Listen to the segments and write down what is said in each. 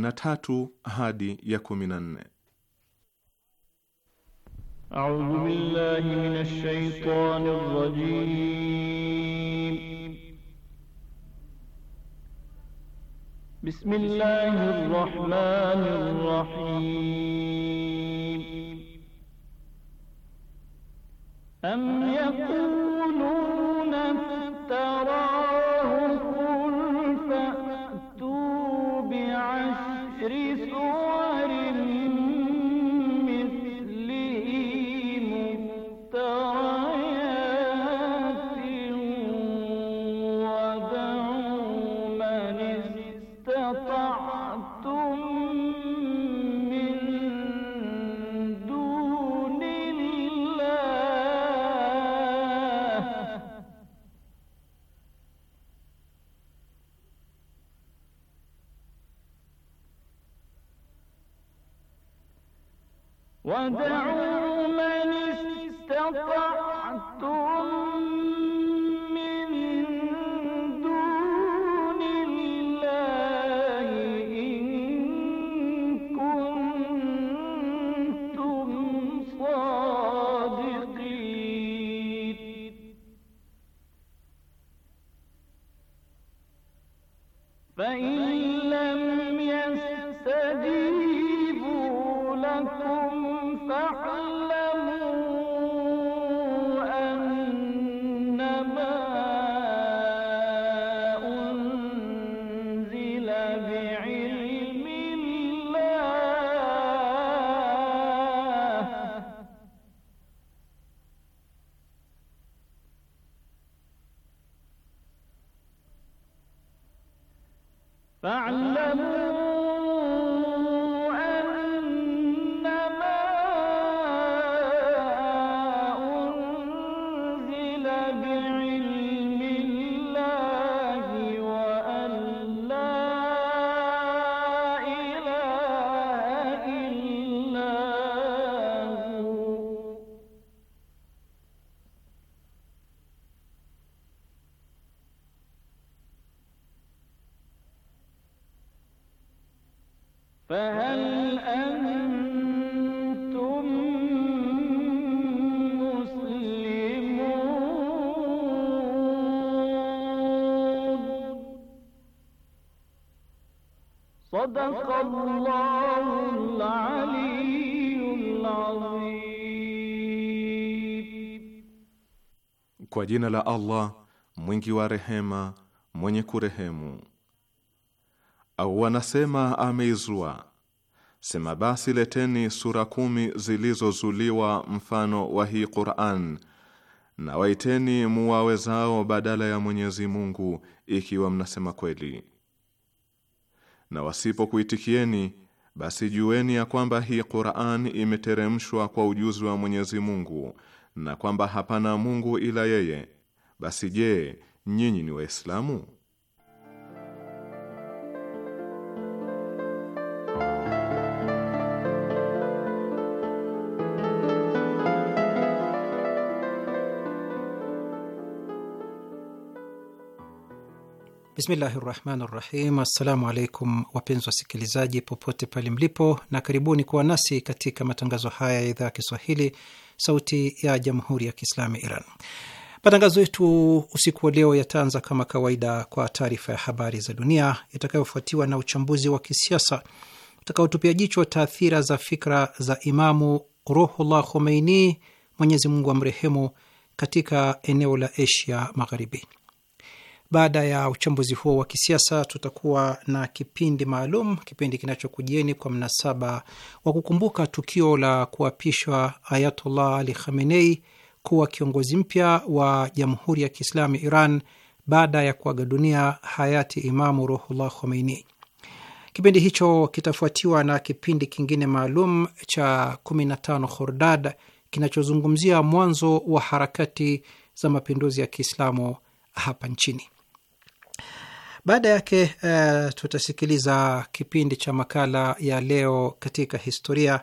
13 hadi ya 14. A'udhu billahi minash shaitanir rajim. Bismillahir rahmanir صدق الله العلي العظيم Kwa jina la Allah mwingi wa rehema mwenye kurehemu. Au wanasema ameizua. Sema basi, leteni sura kumi zilizozuliwa mfano wa hii Qur'an na waiteni muwawezao badala ya Mwenyezi Mungu, ikiwa mnasema kweli na wasipokuitikieni basi jueni ya kwamba hii Qur'an imeteremshwa kwa ujuzi wa Mwenyezi Mungu na kwamba hapana Mungu ila yeye. Basi je, nyinyi ni Waislamu? Bismillahi rahmani rahim. Assalamu alaikum wapenzi wasikilizaji popote pale mlipo, na karibuni kuwa nasi katika matangazo haya ya idhaa ya Kiswahili, Sauti ya Jamhuri ya Kiislamu ya Iran. Matangazo yetu usiku wa leo yataanza kama kawaida kwa taarifa ya habari za dunia itakayofuatiwa na uchambuzi wa kisiasa utakaotupia jicho taathira za fikra za Imamu Ruhullah Khomeini, Mwenyezi Mungu amrehemu, katika eneo la Asia Magharibi. Baada ya uchambuzi huo wa kisiasa, tutakuwa na kipindi maalum, kipindi kinachokujieni kwa mnasaba wa kukumbuka tukio la kuapishwa Ayatollah Ali Khamenei kuwa kiongozi mpya wa Jamhuri ya Kiislamu ya Iran baada ya kuaga dunia hayati Imamu Ruhullah Khomeini. Kipindi hicho kitafuatiwa na kipindi kingine maalum cha 15 Khordad kinachozungumzia mwanzo wa harakati za mapinduzi ya Kiislamu hapa nchini. Baada yake uh, tutasikiliza kipindi cha makala ya leo katika historia,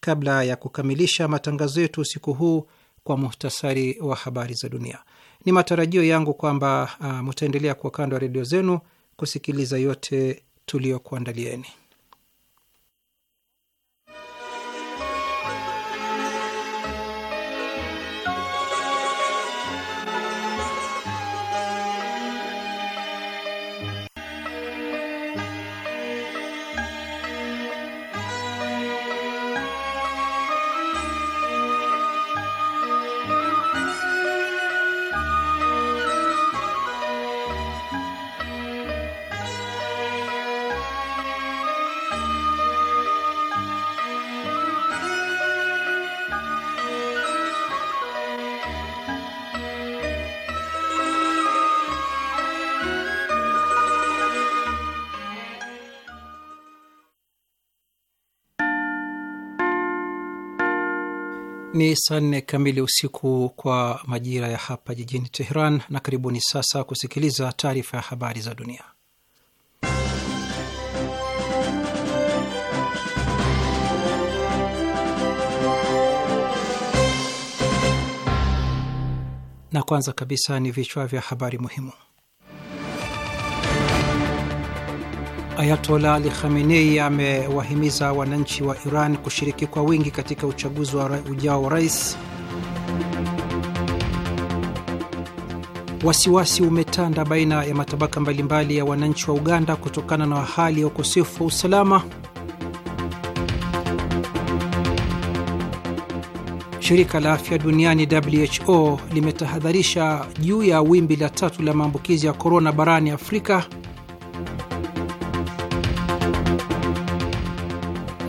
kabla ya kukamilisha matangazo yetu usiku huu kwa muhtasari wa habari za dunia. Ni matarajio yangu kwamba uh, mutaendelea kuwa kando ya redio zenu kusikiliza yote tuliyokuandalieni. ni saa nne kamili usiku kwa majira ya hapa jijini Teheran, na karibuni sasa kusikiliza taarifa ya habari za dunia. Na kwanza kabisa ni vichwa vya habari muhimu. Ayatola Ali Khamenei amewahimiza wananchi wa Iran kushiriki kwa wingi katika uchaguzi wa ujao wa rais. Wasiwasi umetanda baina ya matabaka mbalimbali ya wananchi wa Uganda kutokana na hali ya ukosefu wa usalama. Shirika la afya duniani WHO limetahadharisha juu ya wimbi la tatu la maambukizi ya korona barani Afrika.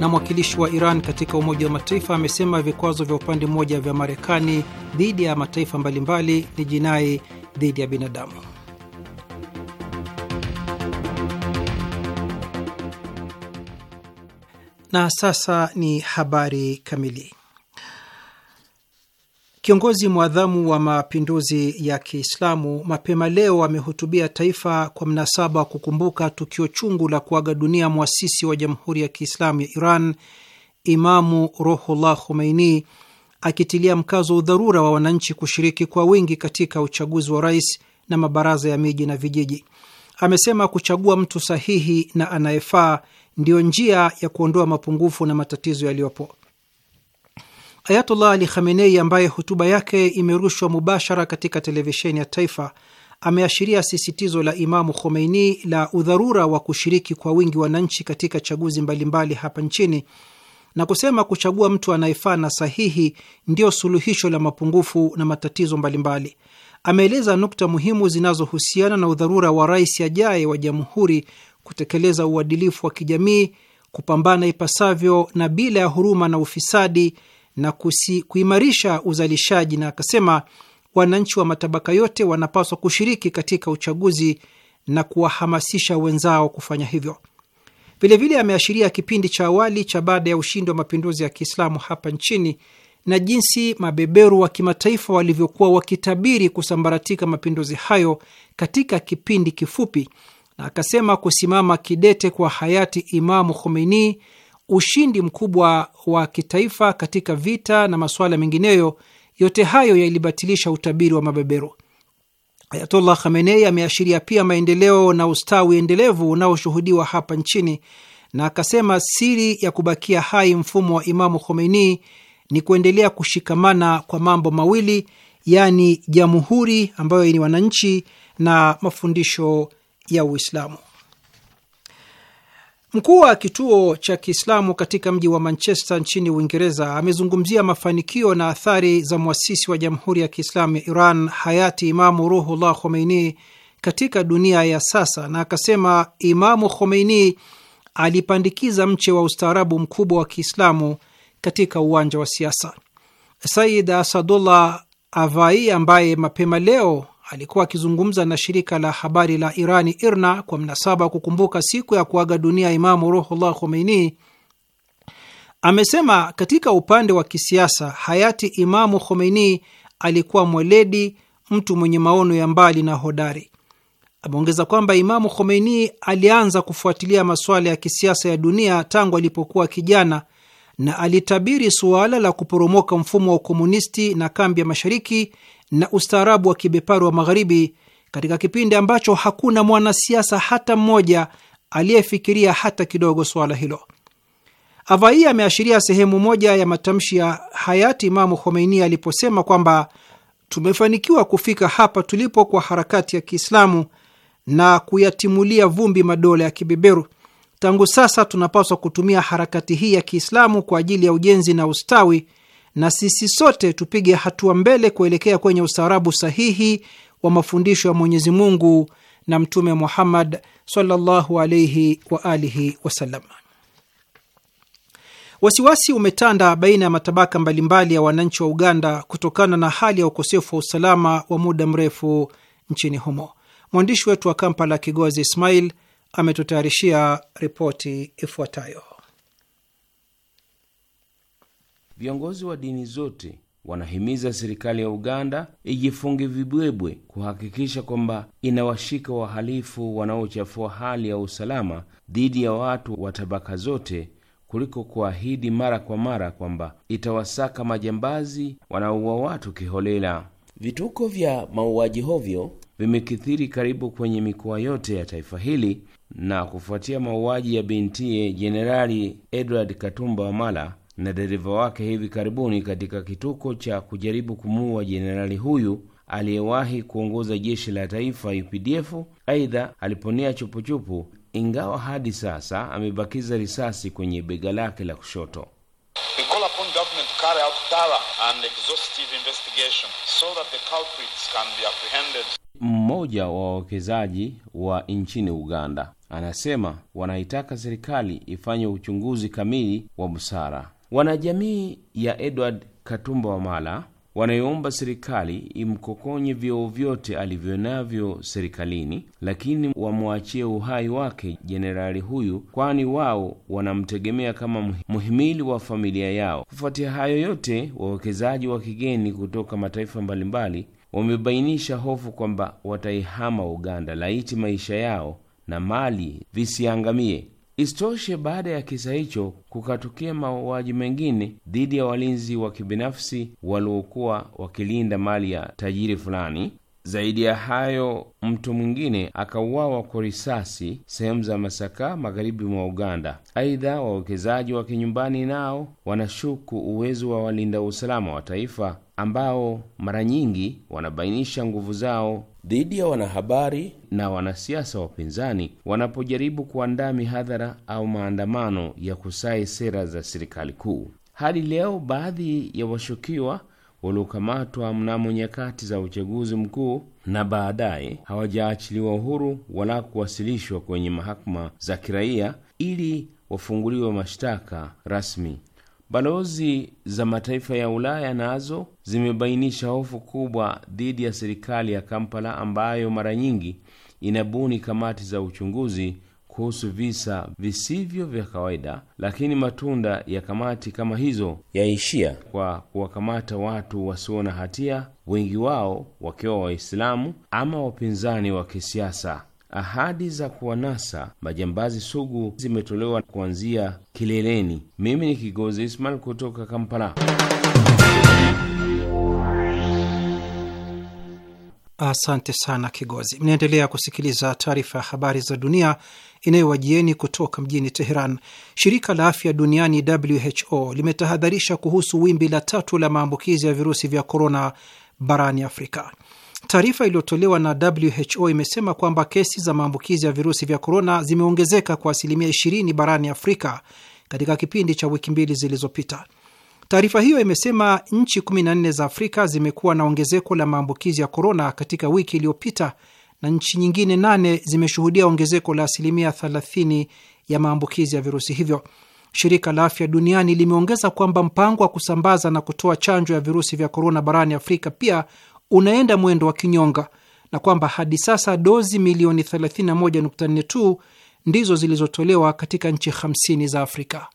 Na mwakilishi wa Iran katika Umoja wa Mataifa amesema vikwazo vya upande mmoja vya Marekani dhidi ya mataifa mbalimbali ni jinai dhidi ya binadamu. Na sasa ni habari kamili. Kiongozi mwadhamu wa mapinduzi ya Kiislamu mapema leo amehutubia taifa kwa mnasaba wa kukumbuka tukio chungu la kuaga dunia mwasisi wa Jamhuri ya Kiislamu ya Iran, Imamu Ruhullah Khomeini, akitilia mkazo udharura wa wananchi kushiriki kwa wingi katika uchaguzi wa rais na mabaraza ya miji na vijiji. Amesema kuchagua mtu sahihi na anayefaa ndiyo njia ya kuondoa mapungufu na matatizo yaliyopo. Ayatullah Ali Khamenei, ambaye hotuba yake imerushwa mubashara katika televisheni ya taifa, ameashiria sisitizo la Imamu Khomeini la udharura wa kushiriki kwa wingi wananchi katika chaguzi mbalimbali hapa nchini na kusema kuchagua mtu anayefaa na sahihi ndio suluhisho la mapungufu na matatizo mbalimbali. Ameeleza nukta muhimu zinazohusiana na udharura wa rais ajaye wa jamhuri kutekeleza uadilifu wa kijamii, kupambana ipasavyo na bila ya huruma na ufisadi na kusi, kuimarisha uzalishaji, na akasema wananchi wa matabaka yote wanapaswa kushiriki katika uchaguzi na kuwahamasisha wenzao kufanya hivyo. Vilevile ameashiria kipindi cha awali cha baada ya ushindi wa mapinduzi ya Kiislamu hapa nchini na jinsi mabeberu wa kimataifa walivyokuwa wakitabiri kusambaratika mapinduzi hayo katika kipindi kifupi, na akasema kusimama kidete kwa hayati Imamu Khomeini ushindi mkubwa wa kitaifa katika vita na masuala mengineyo, yote hayo yalibatilisha utabiri wa mabeberu. Ayatollah Khamenei ameashiria pia maendeleo na ustawi endelevu unaoshuhudiwa hapa nchini na akasema siri ya kubakia hai mfumo wa Imamu Khomeini ni kuendelea kushikamana kwa mambo mawili, yaani jamhuri ambayo ni wananchi na mafundisho ya Uislamu. Mkuu wa kituo cha Kiislamu katika mji wa Manchester nchini Uingereza amezungumzia mafanikio na athari za mwasisi wa Jamhuri ya Kiislamu ya Iran hayati Imamu Ruhullah Khomeini katika dunia ya sasa, na akasema Imamu Khomeini alipandikiza mche wa ustaarabu mkubwa wa Kiislamu katika uwanja wa siasa. Said Asadullah Avai ambaye mapema leo alikuwa akizungumza na shirika la habari la Irani IRNA kwa mnasaba wa kukumbuka siku ya kuaga dunia Imamu Ruhullah Khomeini, amesema katika upande wa kisiasa, hayati Imamu Khomeini alikuwa mweledi, mtu mwenye maono ya mbali na hodari. Ameongeza kwamba Imamu Khomeini alianza kufuatilia masuala ya kisiasa ya dunia tangu alipokuwa kijana na alitabiri suala la kuporomoka mfumo wa ukomunisti na kambi ya mashariki na ustaarabu wa kibepari wa Magharibi katika kipindi ambacho hakuna mwanasiasa hata mmoja aliyefikiria hata kidogo suala hilo. Avai ameashiria sehemu moja ya matamshi ya hayati Imamu Khomeini aliposema kwamba tumefanikiwa kufika hapa tulipo kwa harakati ya Kiislamu na kuyatimulia vumbi madola ya kibeberu. Tangu sasa tunapaswa kutumia harakati hii ya Kiislamu kwa ajili ya ujenzi na ustawi na sisi sote tupige hatua mbele kuelekea kwenye ustaarabu sahihi wa mafundisho ya Mwenyezi Mungu na Mtume Muhammad sallallahu alaihi wa alihi wasallam. Wasiwasi umetanda baina ya matabaka mbalimbali ya wananchi wa Uganda kutokana na hali ya ukosefu wa usalama wa muda mrefu nchini humo. Mwandishi wetu wa Kampala, Kigozi Ismail, ametutayarishia ripoti ifuatayo. Viongozi wa dini zote wanahimiza serikali ya Uganda ijifunge vibwebwe kuhakikisha kwamba inawashika wahalifu wanaochafua hali ya usalama dhidi ya watu wa tabaka zote kuliko kuahidi mara kwa mara kwamba itawasaka majambazi wanaoua watu kiholela. Vituko vya mauaji hovyo vimekithiri karibu kwenye mikoa yote ya taifa hili, na kufuatia mauaji ya bintiye Jenerali Edward Katumba Wamala na dereva wake hivi karibuni katika kituko cha kujaribu kumuua jenerali huyu aliyewahi kuongoza jeshi la taifa UPDF. Aidha, aliponea chupuchupu, ingawa hadi sasa amebakiza risasi kwenye bega lake la kushoto. Mmoja wa wawekezaji wa nchini Uganda anasema wanaitaka serikali ifanye uchunguzi kamili wa busara Wanajamii ya Edward Katumba Wamala wanayoomba serikali imkokonye vyeo vyote alivyo navyo serikalini, lakini wamwachie uhai wake jenerali huyu, kwani wao wanamtegemea kama mhimili wa familia yao. Kufuatia hayo yote, wawekezaji wa kigeni kutoka mataifa mbalimbali wamebainisha hofu kwamba wataihama Uganda, laiti maisha yao na mali visiangamie. Isitoshe, baada ya kisa hicho kukatukia mauaji mengine dhidi ya walinzi wa kibinafsi waliokuwa wakilinda mali ya tajiri fulani. Zaidi ya hayo, mtu mwingine akauawa kwa risasi sehemu za Masaka, magharibi mwa Uganda. Aidha, wawekezaji wa kinyumbani nao wanashuku uwezo wa walinda usalama wa taifa ambao mara nyingi wanabainisha nguvu zao dhidi ya wanahabari na wanasiasa wapinzani wanapojaribu kuandaa mihadhara au maandamano ya kusai sera za serikali kuu. Hadi leo baadhi ya washukiwa waliokamatwa mnamo nyakati za uchaguzi mkuu na baadaye hawajaachiliwa uhuru wala kuwasilishwa kwenye mahakama za kiraia ili wafunguliwe mashtaka rasmi. Balozi za mataifa ya Ulaya nazo zimebainisha hofu kubwa dhidi ya serikali ya Kampala ambayo mara nyingi inabuni kamati za uchunguzi kuhusu visa visivyo vya kawaida, lakini matunda ya kamati kama hizo yaishia kwa kuwakamata watu wasio na hatia, wengi wao wakiwa Waislamu ama wapinzani wa kisiasa ahadi za kuwanasa majambazi sugu zimetolewa kuanzia kileleni. Mimi ni Kigozi Ismail kutoka Kampala. Asante sana Kigozi. Mnaendelea kusikiliza taarifa ya habari za dunia inayowajieni kutoka mjini Teheran. Shirika la afya duniani WHO limetahadharisha kuhusu wimbi la tatu la maambukizi ya virusi vya korona barani Afrika. Taarifa iliyotolewa na WHO imesema kwamba kesi za maambukizi ya virusi vya korona zimeongezeka kwa asilimia 20 barani Afrika katika kipindi cha wiki mbili zilizopita. Taarifa hiyo imesema nchi 14 za Afrika zimekuwa na ongezeko la maambukizi ya korona katika wiki iliyopita na nchi nyingine nane zimeshuhudia ongezeko la asilimia 30 ya maambukizi ya virusi hivyo. Shirika la Afya Duniani limeongeza kwamba mpango wa kusambaza na kutoa chanjo ya virusi vya korona barani Afrika pia unaenda mwendo wa kinyonga na kwamba hadi sasa dozi milioni 31.42 ndizo zilizotolewa katika nchi 50 za Afrika.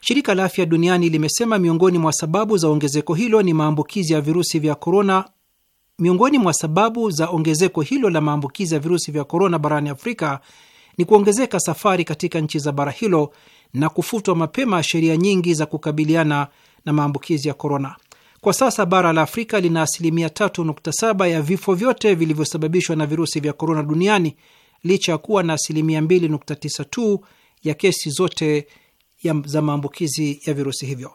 Shirika la Afya Duniani limesema miongoni mwa sababu za ongezeko hilo ni maambukizi ya virusi vya korona. Miongoni mwa sababu za ongezeko hilo la maambukizi ya virusi vya korona barani Afrika ni kuongezeka safari katika nchi za bara hilo na kufutwa mapema sheria nyingi za kukabiliana na maambukizi ya korona. Kwa sasa bara la Afrika lina asilimia 3.7 ya vifo vyote vilivyosababishwa na virusi vya korona duniani licha ya kuwa na asilimia 2.9 tu ya kesi zote ya za maambukizi ya virusi hivyo.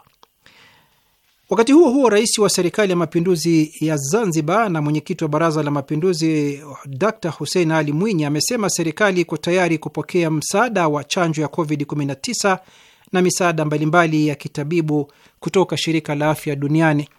Wakati huo huo, rais wa serikali ya mapinduzi ya Zanzibar na mwenyekiti wa baraza la mapinduzi Dr Hussein Ali Mwinyi amesema serikali iko tayari kupokea msaada wa chanjo ya COVID-19 na misaada mbalimbali ya kitabibu kutoka shirika la afya duniani.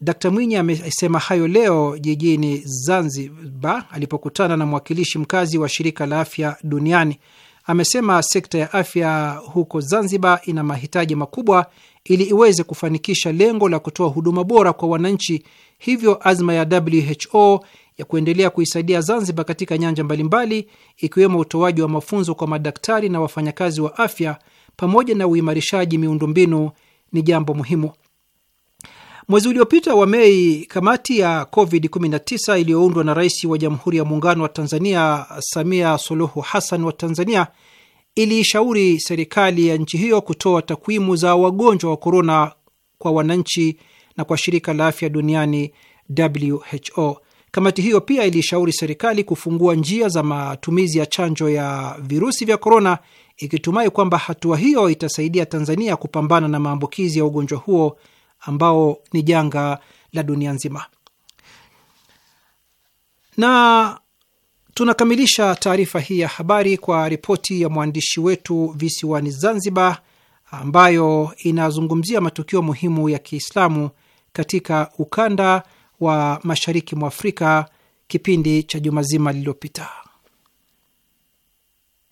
Dkt Mwinyi amesema hayo leo jijini Zanzibar alipokutana na mwakilishi mkazi wa shirika la afya duniani. Amesema sekta ya afya huko Zanzibar ina mahitaji makubwa ili iweze kufanikisha lengo la kutoa huduma bora kwa wananchi, hivyo azma ya WHO ya kuendelea kuisaidia Zanzibar katika nyanja mbalimbali ikiwemo utoaji wa mafunzo kwa madaktari na wafanyakazi wa afya pamoja na uimarishaji miundombinu ni jambo muhimu. Mwezi uliopita wa Mei, kamati ya COVID-19 iliyoundwa na rais wa Jamhuri ya Muungano wa Tanzania Samia Suluhu Hassan wa Tanzania iliishauri serikali ya nchi hiyo kutoa takwimu za wagonjwa wa korona kwa wananchi na kwa shirika la afya duniani WHO. Kamati hiyo pia ilishauri serikali kufungua njia za matumizi ya chanjo ya virusi vya korona ikitumai kwamba hatua hiyo itasaidia Tanzania kupambana na maambukizi ya ugonjwa huo ambao ni janga la dunia nzima. Na tunakamilisha taarifa hii ya habari kwa ripoti ya mwandishi wetu visiwani Zanzibar, ambayo inazungumzia matukio muhimu ya Kiislamu katika ukanda wa mashariki mwa Afrika kipindi cha juma zima lililopita.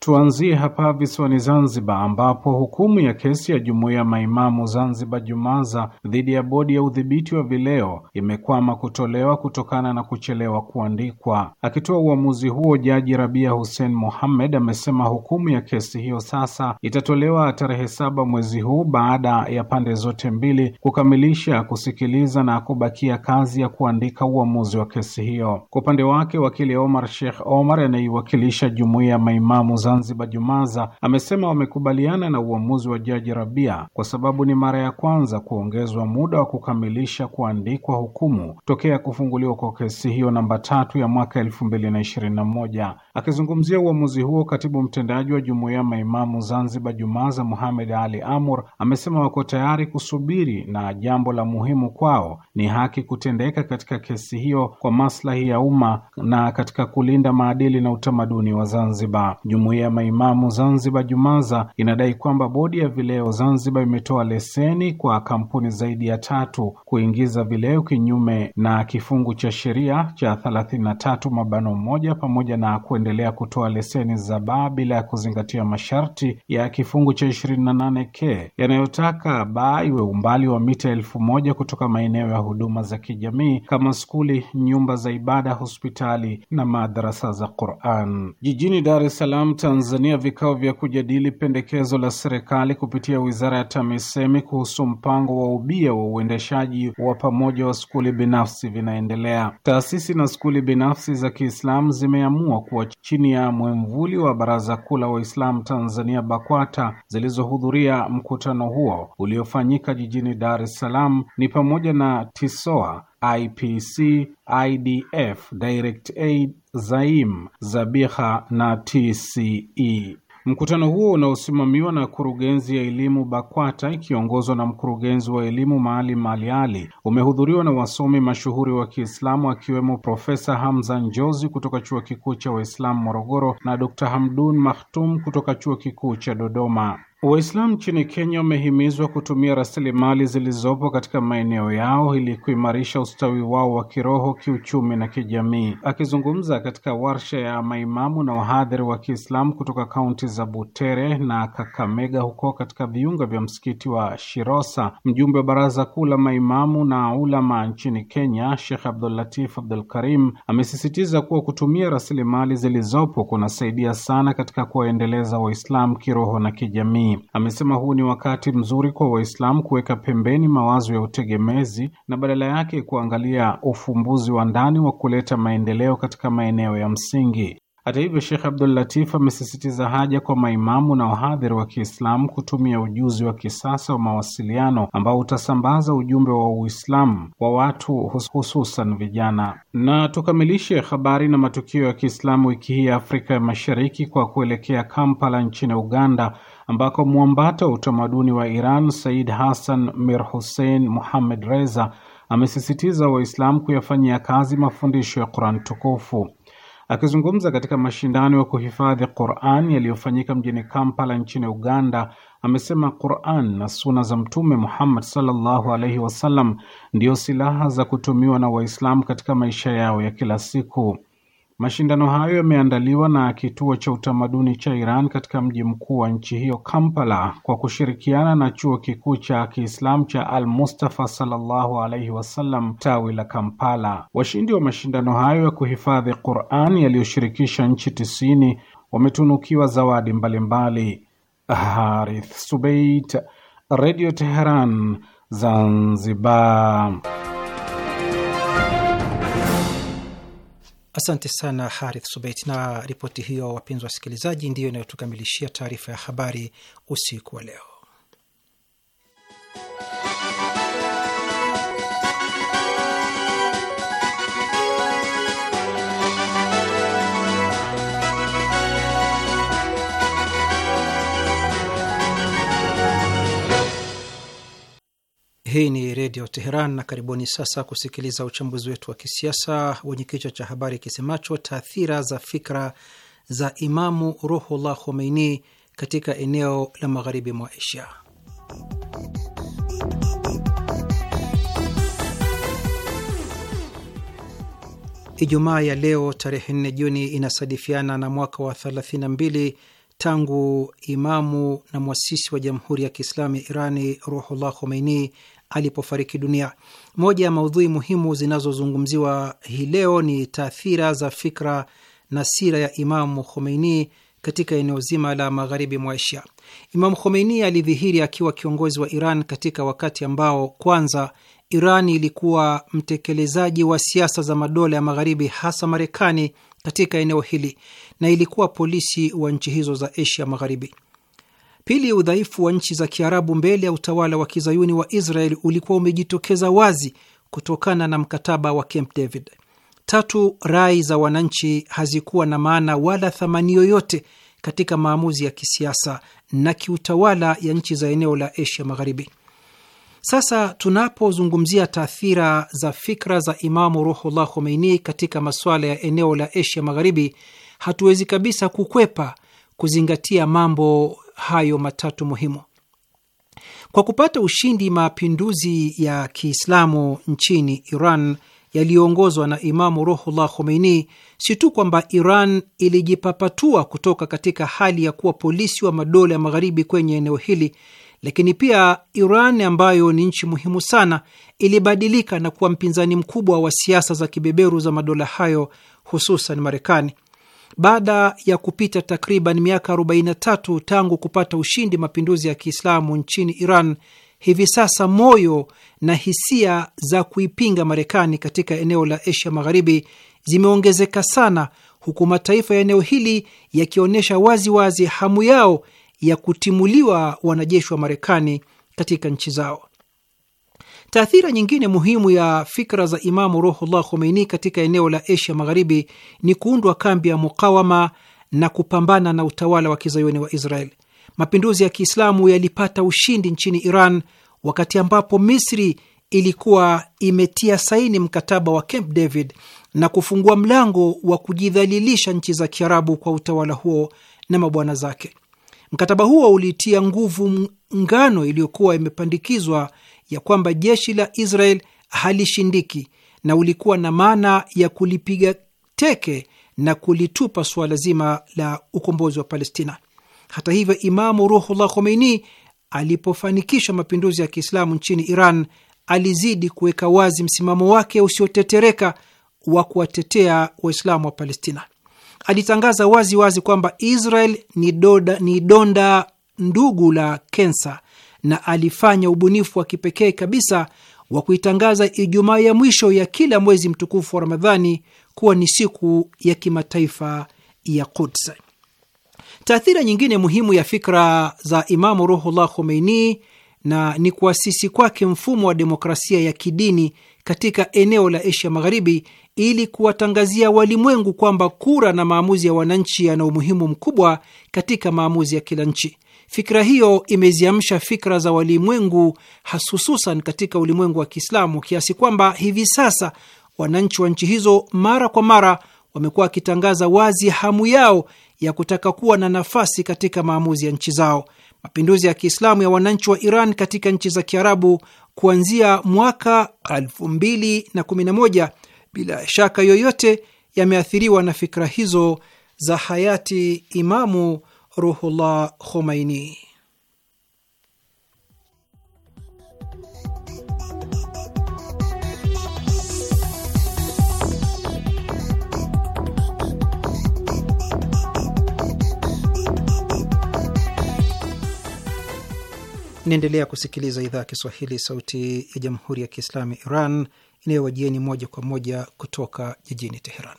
Tuanzie hapa visiwani Zanzibar, ambapo hukumu ya kesi ya jumuiya ya maimamu Zanzibar Jumaza dhidi ya bodi ya udhibiti wa vileo imekwama kutolewa kutokana na kuchelewa kuandikwa. Akitoa uamuzi huo, Jaji Rabia Hussein Mohammed amesema hukumu ya kesi hiyo sasa itatolewa tarehe saba mwezi huu baada ya pande zote mbili kukamilisha kusikiliza na kubakia kazi ya kuandika uamuzi wa kesi hiyo. Kwa upande wake, wakili Omar Sheikh Omar anayeiwakilisha jumuiya ya maimamu Zanzibar Jumaza amesema wamekubaliana na uamuzi wa Jaji Rabia kwa sababu ni mara ya kwanza kuongezwa muda wa kukamilisha kuandikwa hukumu tokea kufunguliwa kwa kesi hiyo namba tatu ya mwaka elfu mbili na ishirini na moja. Akizungumzia uamuzi huo, katibu mtendaji wa Jumuiya ya Maimamu Zanzibar Jumaza Muhamed Ali Amur amesema wako tayari kusubiri na jambo la muhimu kwao ni haki kutendeka katika kesi hiyo kwa maslahi ya umma na katika kulinda maadili na utamaduni wa Zanzibar. Jumuiya ya maimamu Zanzibar Jumaza inadai kwamba bodi ya vileo Zanzibar imetoa leseni kwa kampuni zaidi ya tatu kuingiza vileo kinyume na kifungu cha sheria cha thelathini na tatu mabano moja pamoja na kuendelea kutoa leseni za baa bila ya kuzingatia masharti ya kifungu cha ishirini na nane k yanayotaka baa iwe umbali wa mita elfu moja kutoka maeneo ya huduma za kijamii kama skuli, nyumba za ibada, hospitali na madarasa za Quran jijini Dar es Salaam Tanzania vikao vya kujadili pendekezo la serikali kupitia wizara ya TAMISEMI kuhusu mpango wa ubia wa uendeshaji wa pamoja wa skuli binafsi vinaendelea. Taasisi na skuli binafsi za Kiislamu zimeamua kuwa chini ya mwemvuli wa Baraza Kuu la Waislamu Tanzania BAKWATA zilizohudhuria mkutano huo uliofanyika jijini Dar es Salaam ni pamoja na TISOA, IPC, IDF, Direct Aid Zaim, Zabiha na TCE. Mkutano huo unaosimamiwa na kurugenzi ya elimu BAKWATA ikiongozwa na mkurugenzi wa elimu Maalim Mali Ali umehudhuriwa na wasomi mashuhuri wa Kiislamu akiwemo Profesa Hamza Njozi kutoka chuo kikuu cha Waislamu Morogoro na Dr Hamdun Makhtum kutoka chuo kikuu cha Dodoma. Waislamu nchini Kenya wamehimizwa kutumia rasilimali zilizopo katika maeneo yao ili kuimarisha ustawi wao wa kiroho, kiuchumi na kijamii. Akizungumza katika warsha ya maimamu na wahadhiri wa Kiislamu kutoka kaunti za Butere na Kakamega huko katika viunga vya msikiti wa Shirosa, mjumbe wa Baraza Kuu la Maimamu na Ulama nchini Kenya, Sheikh Abdul Latif Abdul Karim amesisitiza kuwa kutumia rasilimali zilizopo kunasaidia sana katika kuwaendeleza Waislamu kiroho na kijamii jamii. Amesema huu ni wakati mzuri kwa Waislamu kuweka pembeni mawazo ya utegemezi na badala yake kuangalia ufumbuzi wa ndani wa kuleta maendeleo katika maeneo ya msingi. Hata hivyo, Shekh Abdul Latif amesisitiza haja kwa maimamu na wahadhiri wa Kiislamu kutumia ujuzi wa kisasa wa mawasiliano ambao utasambaza ujumbe wa Uislamu wa watu hususan vijana. Na tukamilishe habari na matukio ya Kiislamu wiki hii ya Afrika ya Mashariki kwa kuelekea Kampala nchini Uganda ambako mwambato wa utamaduni wa Iran Said Hassan Mir Hussein Muhammad Reza amesisitiza Waislamu kuyafanyia kazi mafundisho ya Quran tukufu. Akizungumza katika mashindano ya kuhifadhi Quran yaliyofanyika mjini Kampala nchini Uganda, amesema Quran na suna za Mtume Muhammad sallallahu alaihi wasallam ndiyo silaha za kutumiwa na Waislamu katika maisha yao ya kila siku. Mashindano hayo yameandaliwa na Kituo cha Utamaduni cha Iran katika mji mkuu wa nchi hiyo Kampala kwa kushirikiana na Chuo Kikuu cha Kiislamu cha Al Mustafa sallallahu alaihi wasallam tawi la Kampala. Washindi wa mashindano hayo ya kuhifadhi Qur'an yaliyoshirikisha nchi tisini wametunukiwa zawadi mbalimbali. Harith Subait, Radio Teheran, Zanzibar. Asante sana Harith Subeit na ripoti hiyo. Wapenzi wasikilizaji, ndiyo inayotukamilishia taarifa ya habari usiku wa leo. Hii ni Redio Teheran na karibuni sasa kusikiliza uchambuzi wetu wa kisiasa wenye kichwa cha habari kisemacho taathira za fikra za Imamu Ruhullah Khomeini katika eneo la magharibi mwa Asia. Ijumaa ya leo tarehe 4 Juni inasadifiana na mwaka wa 32 tangu imamu na mwasisi wa Jamhuri ya Kiislamu ya Irani Ruhullah Khomeini alipofariki dunia. Moja ya maudhui muhimu zinazozungumziwa hii leo ni taathira za fikra na sira ya Imamu Khomeini katika eneo zima la magharibi mwa Asia. Imamu Khomeini alidhihiri akiwa kiongozi wa Iran katika wakati ambao kwanza Iran ilikuwa mtekelezaji wa siasa za madola ya magharibi, hasa Marekani katika eneo hili, na ilikuwa polisi wa nchi hizo za Asia Magharibi. Pili, udhaifu wa nchi za Kiarabu mbele ya utawala wa kizayuni wa Israel ulikuwa umejitokeza wazi kutokana na mkataba wa Camp David. Tatu, rai za wananchi hazikuwa na maana wala thamani yoyote katika maamuzi ya kisiasa na kiutawala ya nchi za eneo la Asia Magharibi. Sasa tunapozungumzia taathira za fikra za Imamu Ruhullah Khomeini katika masuala ya eneo la Asia Magharibi, hatuwezi kabisa kukwepa kuzingatia mambo hayo matatu muhimu. Kwa kupata ushindi mapinduzi ya Kiislamu nchini Iran yaliyoongozwa na Imamu Ruhullah Khomeini, si tu kwamba Iran ilijipapatua kutoka katika hali ya kuwa polisi wa madola ya magharibi kwenye eneo hili, lakini pia Iran ambayo ni nchi muhimu sana ilibadilika na kuwa mpinzani mkubwa wa siasa za kibeberu za madola hayo, hususan Marekani. Baada ya kupita takriban miaka 43 tangu kupata ushindi mapinduzi ya Kiislamu nchini Iran, hivi sasa moyo na hisia za kuipinga Marekani katika eneo la Asia Magharibi zimeongezeka sana, huku mataifa ya eneo hili yakionyesha waziwazi hamu yao ya kutimuliwa wanajeshi wa Marekani katika nchi zao. Taathira nyingine muhimu ya fikra za Imamu Ruhullah Khomeini katika eneo la Asia Magharibi ni kuundwa kambi ya mukawama na kupambana na utawala wa kizayoni wa israel Mapinduzi ya Kiislamu yalipata ushindi nchini Iran wakati ambapo Misri ilikuwa imetia saini mkataba wa Camp David na kufungua mlango wa kujidhalilisha nchi za Kiarabu kwa utawala huo na mabwana zake. Mkataba huo ulitia nguvu ngano iliyokuwa imepandikizwa ya kwamba jeshi la Israel halishindiki na ulikuwa na maana ya kulipiga teke na kulitupa suala zima la ukombozi wa Palestina. Hata hivyo, Imamu Ruhullah Khomeini alipofanikisha mapinduzi ya Kiislamu nchini Iran alizidi kuweka wazi msimamo wake usiotetereka wa kuwatetea Waislamu wa Palestina. Alitangaza wazi wazi kwamba Israel ni, doda, ni donda ndugu la kensa na alifanya ubunifu wa kipekee kabisa wa kuitangaza Ijumaa ya mwisho ya kila mwezi mtukufu wa Ramadhani kuwa ni siku ya kimataifa ya Quds. Taathira nyingine muhimu ya fikra za Imamu Ruhullah Khomeini na ni kuasisi kwake mfumo wa demokrasia ya kidini katika eneo la Asia Magharibi ili kuwatangazia walimwengu kwamba kura na maamuzi ya wananchi yana umuhimu mkubwa katika maamuzi ya kila nchi. Fikra hiyo imeziamsha fikra za walimwengu, hususan katika ulimwengu wa Kiislamu, kiasi kwamba hivi sasa wananchi wa nchi hizo mara kwa mara wamekuwa wakitangaza wazi hamu yao ya kutaka kuwa na nafasi katika maamuzi ya nchi zao. Mapinduzi ya Kiislamu ya wananchi wa Iran katika nchi za Kiarabu kuanzia mwaka 2011 bila shaka yoyote yameathiriwa na fikra hizo za hayati Imamu Ruhullah Khomeini. naendelea kusikiliza idhaa ya Kiswahili, sauti ya jamhuri ya kiislamu Iran inayowajieni moja kwa moja kutoka jijini Teheran.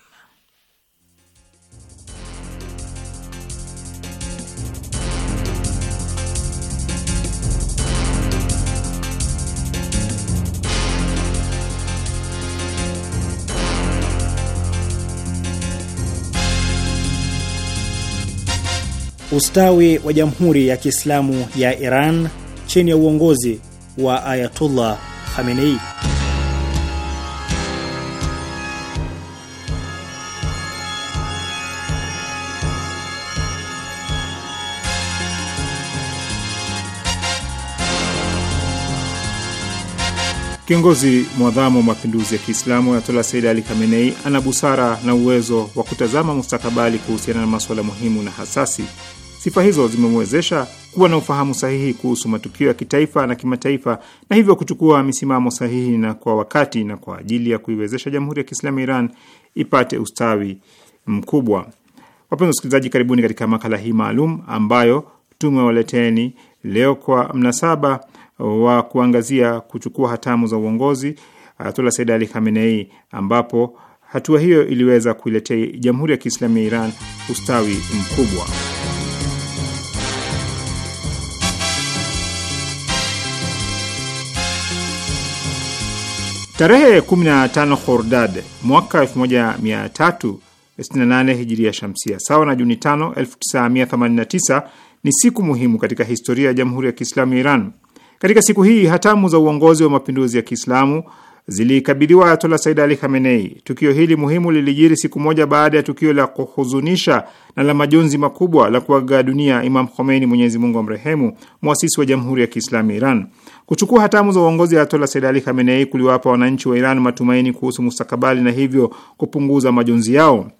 ustawi wa Jamhuri ya Kiislamu ya Iran chini ya uongozi wa Ayatullah Khamenei. Kiongozi mwadhamu wa mapinduzi ya Kiislamu Ayatollah Said Ali Khamenei ana busara na uwezo wa kutazama mustakabali kuhusiana na masuala muhimu na hasasi Sifa hizo zimemwezesha kuwa na ufahamu sahihi kuhusu matukio ya kitaifa na kimataifa na hivyo kuchukua misimamo sahihi na kwa wakati na kwa ajili ya kuiwezesha Jamhuri ya Kiislamu ya Iran ipate ustawi mkubwa. Wapenzi wasikilizaji, karibuni katika makala hii maalum ambayo tumewaleteni leo kwa mnasaba wa kuangazia kuchukua hatamu za uongozi uh, Ayatullah Said Ali Khamenei, ambapo hatua hiyo iliweza kuiletea Jamhuri ya Kiislamu ya Iran ustawi mkubwa. Tarehe 15 Khordad mwaka 1368 hijiria shamsia, sawa na Juni 5, 1989 ni siku muhimu katika historia ya Jamhuri ya Kiislamu ya Iran. Katika siku hii hatamu za uongozi wa mapinduzi ya Kiislamu zilikabidhiwa Ayatollah Said Ali Khamenei. Tukio hili muhimu lilijiri siku moja baada ya tukio la kuhuzunisha na la majonzi makubwa la kuaga dunia Imam Khomeini, Mwenyezi Mungu amrehemu, mwasisi wa Jamhuri ya Kiislamu Iran. Kuchukua hatamu za uongozi wa Ayatollah Said Ali Khamenei kuliwapa wananchi wa Iran matumaini kuhusu mustakabali na hivyo kupunguza majonzi yao.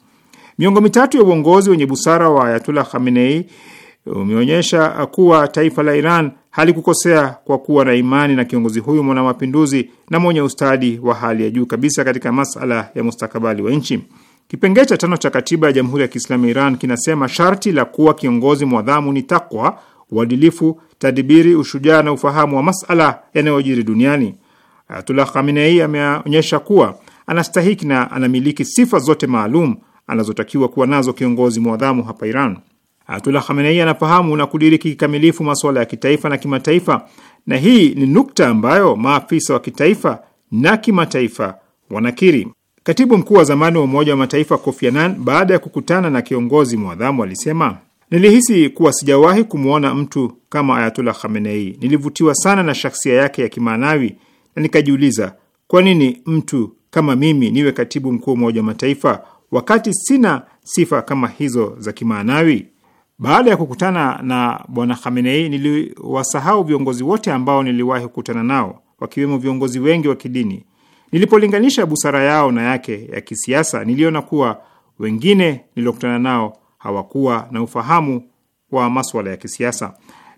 Miongo mitatu ya uongozi wenye busara wa Ayatollah Khamenei umeonyesha kuwa taifa la Iran halikukosea kwa kuwa na imani na kiongozi huyu mapinduzi na mwenye ustadi wa hali ya juu kabisa katika masala ya mustakabali wa nchi. Kipengee cha tano cha katiba ya Jamhuri ya Kiislamu ya Iran kinasema sharti la kuwa kiongozi mwadhamu ni takwa, uadilifu, tadibiri, ushujaa na ufahamu wa masala yanayojiri duniani. Ayatullah Khamenei ameonyesha kuwa anastahiki na anamiliki sifa zote maalum anazotakiwa kuwa nazo kiongozi mwadhamu hapa Iran. Ayatullah Khamenei anafahamu na kudiriki kikamilifu masuala ya kitaifa na kimataifa, na hii ni nukta ambayo maafisa wa kitaifa na kimataifa wanakiri. Katibu mkuu wa zamani wa Umoja wa Mataifa Kofi Annan, baada ya kukutana na kiongozi mwadhamu, alisema nilihisi kuwa sijawahi kumwona mtu kama Ayatullah Khamenei. Nilivutiwa sana na shaksia yake ya kimaanawi na nikajiuliza, kwa nini mtu kama mimi niwe katibu mkuu wa Umoja wa Mataifa wakati sina sifa kama hizo za kimaanawi? Baada ya kukutana na bwana Khamenei, niliwasahau viongozi wote ambao niliwahi kukutana nao, wakiwemo viongozi wengi wa kidini. Nilipolinganisha busara yao na yake ya kisiasa, niliona kuwa wengine niliokutana nao hawakuwa na ufahamu wa maswala ya kisiasa.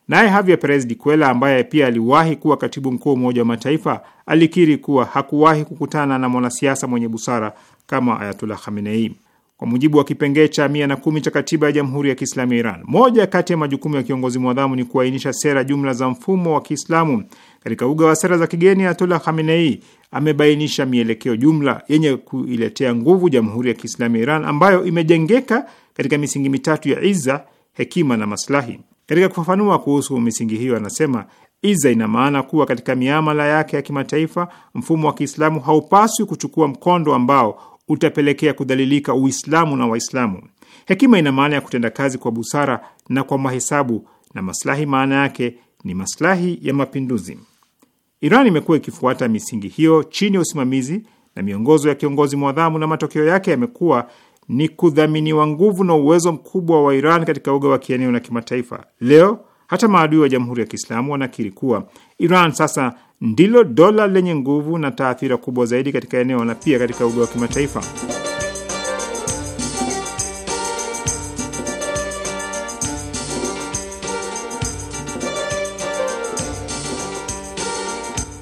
Naye Javier Perez de Cuellar ambaye pia aliwahi kuwa katibu mkuu wa Umoja wa Mataifa alikiri kuwa hakuwahi kukutana na mwanasiasa mwenye busara kama Ayatullah Khamenei kwa mujibu wa kipengee cha mia na kumi cha katiba ya Jamhuri ya Kiislamu ya Iran. Moja kati ya majukumu ya kiongozi mwadhamu ni kuainisha sera jumla za mfumo wa Kiislamu. Katika uga wa sera za kigeni, Ayatullah Khamenei amebainisha mielekeo jumla yenye kuiletea nguvu Jamhuri ya Kiislamu ya Iran ambayo imejengeka katika misingi mitatu ya iza, hekima na maslahi. Katika kufafanua kuhusu misingi hiyo, anasema iza ina maana kuwa katika miamala yake ya kimataifa mfumo wa Kiislamu haupaswi kuchukua mkondo ambao utapelekea kudhalilika Uislamu na Waislamu. Hekima ina maana ya kutenda kazi kwa busara na kwa mahesabu, na maslahi maana yake ni maslahi ya mapinduzi. Iran imekuwa ikifuata misingi hiyo chini ya usimamizi na miongozo ya kiongozi mwadhamu, na matokeo yake yamekuwa ni kudhaminiwa nguvu na uwezo mkubwa wa Iran katika uga wa kieneo na kimataifa. Leo hata maadui wa Jamhuri ya Kiislamu wanakiri kuwa Iran sasa ndilo dola lenye nguvu na taathira kubwa zaidi katika eneo na pia katika uga wa kimataifa.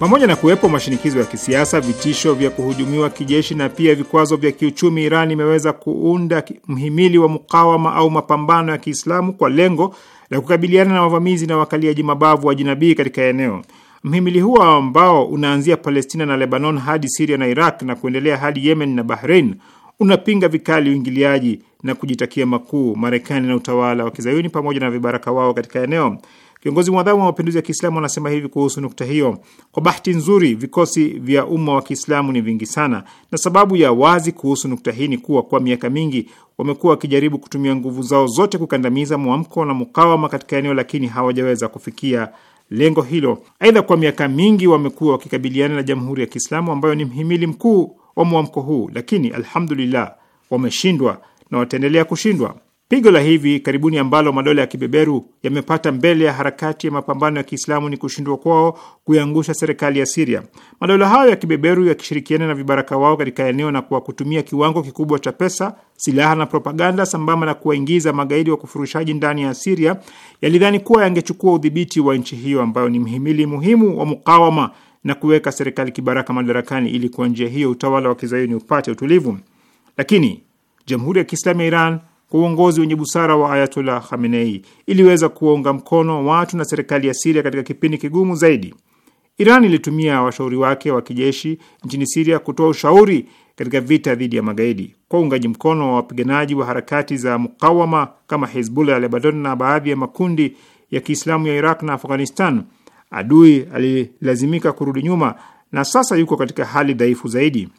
Pamoja na kuwepo mashinikizo ya kisiasa, vitisho vya kuhujumiwa kijeshi na pia vikwazo vya kiuchumi, Iran imeweza kuunda mhimili wa mukawama au mapambano ya Kiislamu kwa lengo la kukabiliana na wavamizi na wakaliaji mabavu wa jinabii katika eneo. Mhimili huo ambao unaanzia Palestina na Lebanon hadi Siria na Iraq na kuendelea hadi Yemen na Bahrain unapinga vikali uingiliaji na kujitakia makuu Marekani na utawala wa kizayuni pamoja na vibaraka wao katika eneo. Kiongozi mwadhamu wa mapinduzi ya Kiislamu anasema hivi kuhusu nukta hiyo: kwa bahati nzuri, vikosi vya umma wa Kiislamu ni vingi sana, na sababu ya wazi kuhusu nukta hii ni kuwa kwa miaka mingi wamekuwa wakijaribu kutumia nguvu zao zote kukandamiza mwamko na mukawama katika eneo, lakini hawajaweza kufikia lengo hilo. Aidha, kwa miaka mingi wamekuwa wakikabiliana na Jamhuri ya Kiislamu ambayo ni mhimili mkuu wa mwamko huu, lakini alhamdulillah wameshindwa na wataendelea kushindwa. Pigo la hivi karibuni ambalo madola ya kibeberu yamepata mbele ya harakati ya mapambano ya Kiislamu ni kushindwa kwao kuiangusha serikali ya Siria. Madola hayo ya kibeberu yakishirikiana na vibaraka wao katika eneo na kwa kutumia kiwango kikubwa cha pesa, silaha na propaganda, sambamba na kuwaingiza magaidi wa kufurushaji ndani ya Siria, yalidhani kuwa yangechukua udhibiti wa nchi hiyo ambayo ni mhimili muhimu wa mukawama na kuweka serikali kibaraka madarakani, ili kwa njia hiyo utawala wa kizayuni upate utulivu. Lakini jamhuri ya Kiislamu ya Iran kwa uongozi wenye busara wa Ayatollah Khamenei iliweza kuwaunga mkono watu na serikali ya Siria katika kipindi kigumu zaidi. Iran ilitumia washauri wake wa kijeshi nchini Siria kutoa ushauri katika vita dhidi ya magaidi kwa uungaji mkono wa wapiganaji wa harakati za mukawama kama Hizbullah ya Lebanon na baadhi ya makundi ya Kiislamu ya Iraq na Afghanistan. Adui alilazimika kurudi nyuma na sasa yuko katika hali dhaifu zaidi.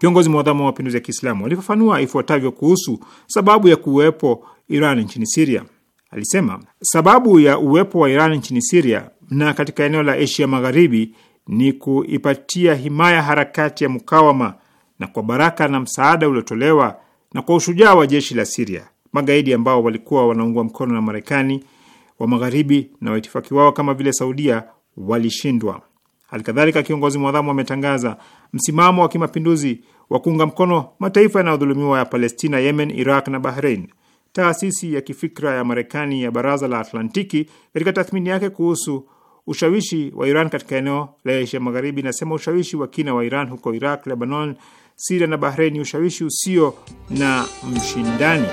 Viongozi mwadhamu wa mapinduzi ya Kiislamu walifafanua ifuatavyo kuhusu sababu ya kuwepo Iran nchini Siria. Alisema sababu ya uwepo wa Iran nchini Siria na katika eneo la Asia Magharibi ni kuipatia himaya harakati ya mukawama, na kwa baraka na msaada uliotolewa na kwa ushujaa wa jeshi la Siria, magaidi ambao walikuwa wanaungwa mkono na Marekani wa Magharibi na waitifaki wao kama vile Saudia walishindwa. Halikadhalika, kiongozi mwadhamu ametangaza msimamo wa kimapinduzi wa kuunga mkono mataifa yanayodhulumiwa ya Palestina, Yemen, Iraq na Bahrain. Taasisi ya kifikra ya Marekani ya Baraza la Atlantiki katika tathmini yake kuhusu ushawishi wa Iran katika eneo la Asia Magharibi inasema ushawishi wa kina wa Iran huko Iraq, Lebanon, Siria na Bahrein ni ushawishi usio na mshindani.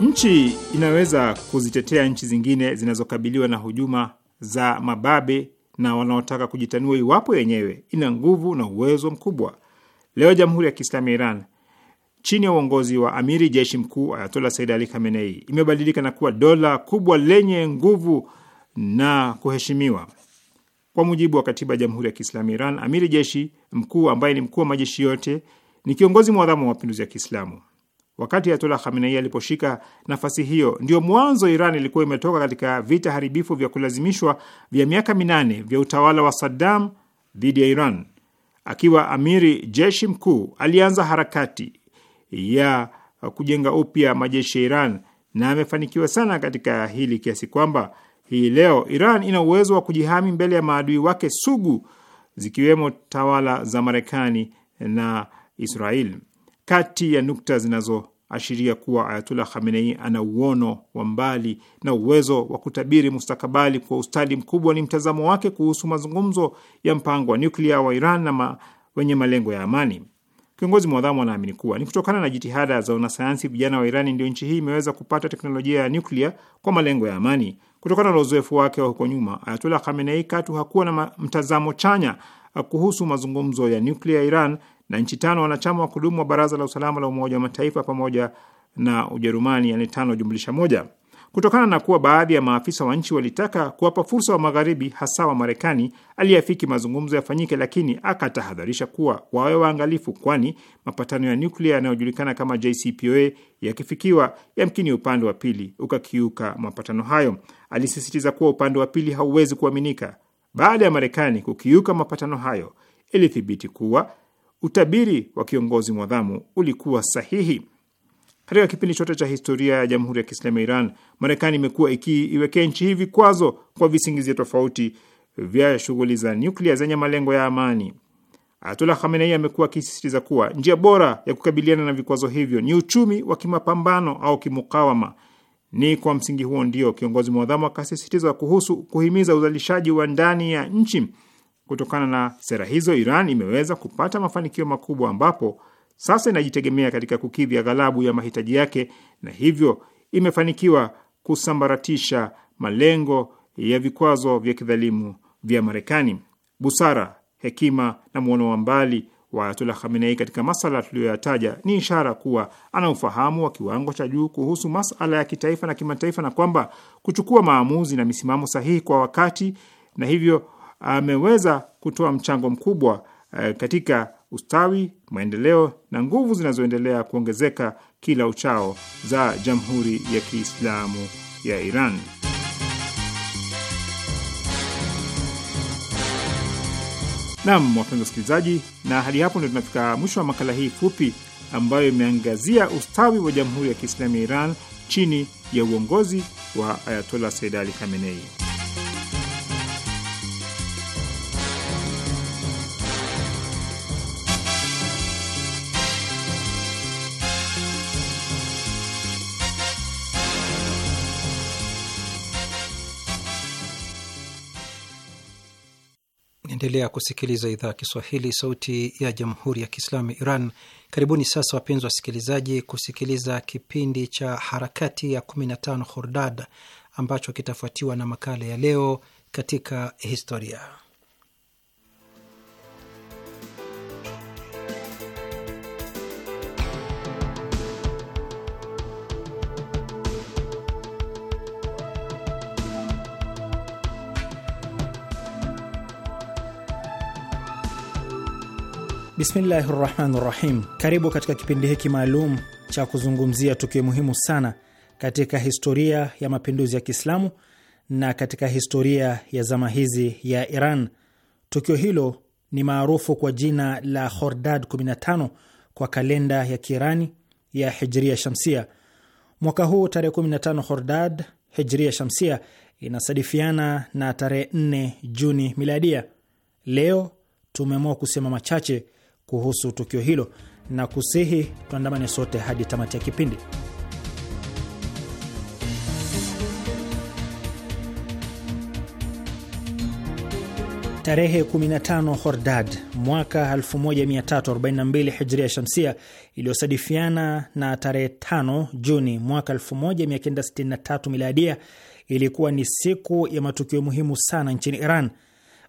Nchi inaweza kuzitetea nchi zingine zinazokabiliwa na hujuma za mababe na wanaotaka kujitanua iwapo yenyewe ina nguvu na uwezo mkubwa. Leo Jamhuri ya Kiislamu ya Iran chini ya uongozi wa amiri jeshi mkuu Ayatola Said Ali Khamenei imebadilika na kuwa dola kubwa lenye nguvu na kuheshimiwa. Kwa mujibu wa katiba ya Jamhuri ya Kiislamu Iran, amiri jeshi mkuu ambaye ni mkuu wa majeshi yote ni kiongozi mwadhamu wa mapinduzi ya Kiislamu wakati Ayatollah Khamenei aliposhika nafasi hiyo. ndio mwanzo Iran ilikuwa imetoka katika vita haribifu vya kulazimishwa vya miaka minane vya utawala wa Saddam dhidi ya Iran. Akiwa amiri jeshi mkuu, alianza harakati ya kujenga upya majeshi ya Iran na amefanikiwa sana katika hili kiasi kwamba hii leo Iran ina uwezo wa kujihami mbele ya maadui wake sugu zikiwemo tawala za Marekani na Israel. Kati ya nukta zinazo ashiria kuwa Ayatullah Khamenei ana uono wa mbali na uwezo wa kutabiri mustakabali kwa ustadi mkubwa. Ni mtazamo wake kuhusu mazungumzo ya mpango wa nyuklia wa Iran na ma, wenye malengo ya amani. Kiongozi mwadhamu anaamini kuwa ni kutokana na jitihada za wanasayansi vijana wa Irani ndio nchi hii imeweza kupata teknolojia ya nyuklia kwa malengo ya amani. Kutokana na uzoefu wake wa huko nyuma, Ayatullah Khamenei katu hakuwa na mtazamo chanya kuhusu mazungumzo ya nyuklia ya Iran na nchi tano wanachama wa kudumu wa Baraza la Usalama la Umoja wa Mataifa pamoja na Ujerumani, yani tano jumlisha moja, kutokana na kuwa baadhi ya maafisa wa nchi walitaka kuwapa fursa wa Magharibi, hasa wa Marekani aliyeafiki mazungumzo yafanyike, lakini akatahadharisha kuwa wawe waangalifu, kwani mapatano ya nuklia yanayojulikana kama JCPOA yakifikiwa, yamkini upande wa pili ukakiuka mapatano hayo. Alisisitiza kuwa upande wa pili hauwezi kuaminika. Baada ya Marekani kukiuka mapatano hayo, ilithibiti kuwa utabiri wa kiongozi mwadhamu ulikuwa sahihi. Katika kipindi chote cha historia ya Jamhuri ya Kiislamu ya Iran, Marekani imekuwa ikiiwekea nchi hii vikwazo kwa visingizio tofauti vya shughuli za nyuklia zenye malengo ya amani. Ayatullah Khamenei amekuwa akisisitiza kuwa njia bora ya kukabiliana na vikwazo hivyo ni uchumi wa kimapambano au kimukawama. Ni kwa msingi huo ndio kiongozi mwadhamu akasisitiza kuhusu kuhimiza uzalishaji wa ndani ya nchi Kutokana na sera hizo, Iran imeweza kupata mafanikio makubwa, ambapo sasa inajitegemea katika kukidhi aghalabu ya mahitaji yake, na hivyo imefanikiwa kusambaratisha malengo ya vikwazo vya kidhalimu vya Marekani. Busara, hekima na mwono wa mbali wa Ayatullah Khamenei katika masala tuliyoyataja ni ishara kuwa ana ufahamu wa kiwango cha juu kuhusu masala ya kitaifa na kimataifa, na kwamba kuchukua maamuzi na misimamo sahihi kwa wakati na hivyo ameweza kutoa mchango mkubwa eh, katika ustawi, maendeleo na nguvu zinazoendelea kuongezeka kila uchao za Jamhuri ya Kiislamu ya Iran. Nam, wapenzi wasikilizaji, na hadi hapo ndio tunafika mwisho wa makala hii fupi ambayo imeangazia ustawi wa Jamhuri ya Kiislamu ya Iran chini ya uongozi wa ayatollah Said Ali Khamenei. Naendelea kusikiliza idhaa ya Kiswahili, sauti ya jamhuri ya kiislamu Iran. Karibuni sasa, wapenzi wasikilizaji, kusikiliza kipindi cha harakati ya 15 Khordad ambacho kitafuatiwa na makala ya leo katika historia. Bismillahi rahmani rahim. Karibu katika kipindi hiki maalum cha kuzungumzia tukio muhimu sana katika historia ya mapinduzi ya Kiislamu na katika historia ya zama hizi ya Iran. Tukio hilo ni maarufu kwa jina la Hordad 15 kwa kalenda ya Kiirani ya Hijria Shamsia. Mwaka huu tarehe 15 Hordad Hijria Shamsia inasadifiana na tarehe 4 Juni Miladia. Leo tumeamua kusema machache kuhusu tukio hilo na kusihi tuandamane sote hadi tamati ya kipindi. Tarehe 15 Hordad mwaka 1342 Hijria Shamsia, iliyosadifiana na tarehe 5 Juni mwaka 1963 Miladia, ilikuwa ni siku ya matukio muhimu sana nchini Iran.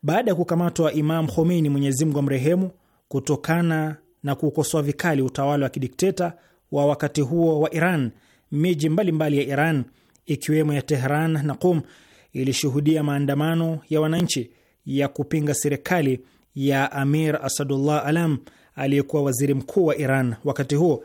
Baada ya kukamatwa Imam Khomeini, Mwenyezi Mungu amrehemu, kutokana na kukosoa vikali utawala wa kidikteta wa wakati huo wa Iran. Miji mbalimbali ya Iran ikiwemo ya Tehran na Qum ilishuhudia maandamano ya wananchi ya kupinga serikali ya Amir Asadullah Alam aliyekuwa waziri mkuu wa Iran wakati huo.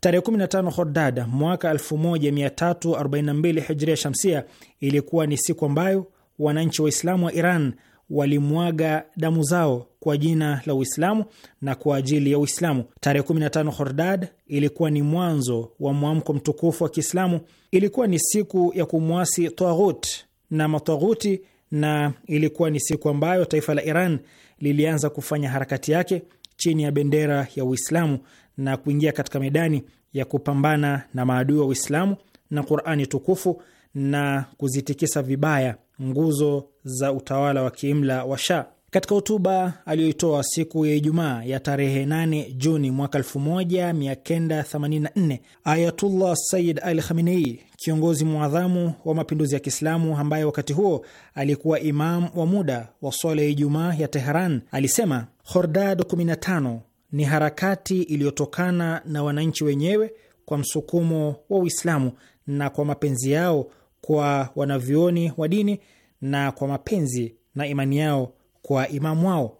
Tarehe 15 Hordad mwaka 1342 Hijria Shamsia ilikuwa ni siku ambayo wananchi Waislamu wa Iran walimwaga damu zao kwa jina la Uislamu na kwa ajili ya Uislamu. Tarehe 15 Hordad ilikuwa ni mwanzo wa mwamko mtukufu wa Kiislamu, ilikuwa ni siku ya kumwasi taghut na mataghuti, na ilikuwa ni siku ambayo taifa la Iran lilianza kufanya harakati yake chini ya bendera ya Uislamu na kuingia katika medani ya kupambana na maadui wa Uislamu na Qur'ani tukufu na kuzitikisa vibaya nguzo za utawala wa kiimla wa Sha. Katika hotuba aliyoitoa siku ya Ijumaa ya tarehe 8 Juni mwaka 1984, Ayatullah Sayyid Ali Khamenei, kiongozi mwadhamu wa mapinduzi ya Kiislamu ambaye wakati huo alikuwa imam wa muda wa swala ya Ijumaa ya Teheran, alisema Hordad 15 ni harakati iliyotokana na wananchi wenyewe kwa msukumo wa Uislamu na kwa mapenzi yao kwa wanavyuoni wa dini na kwa mapenzi na imani yao kwa imamu wao.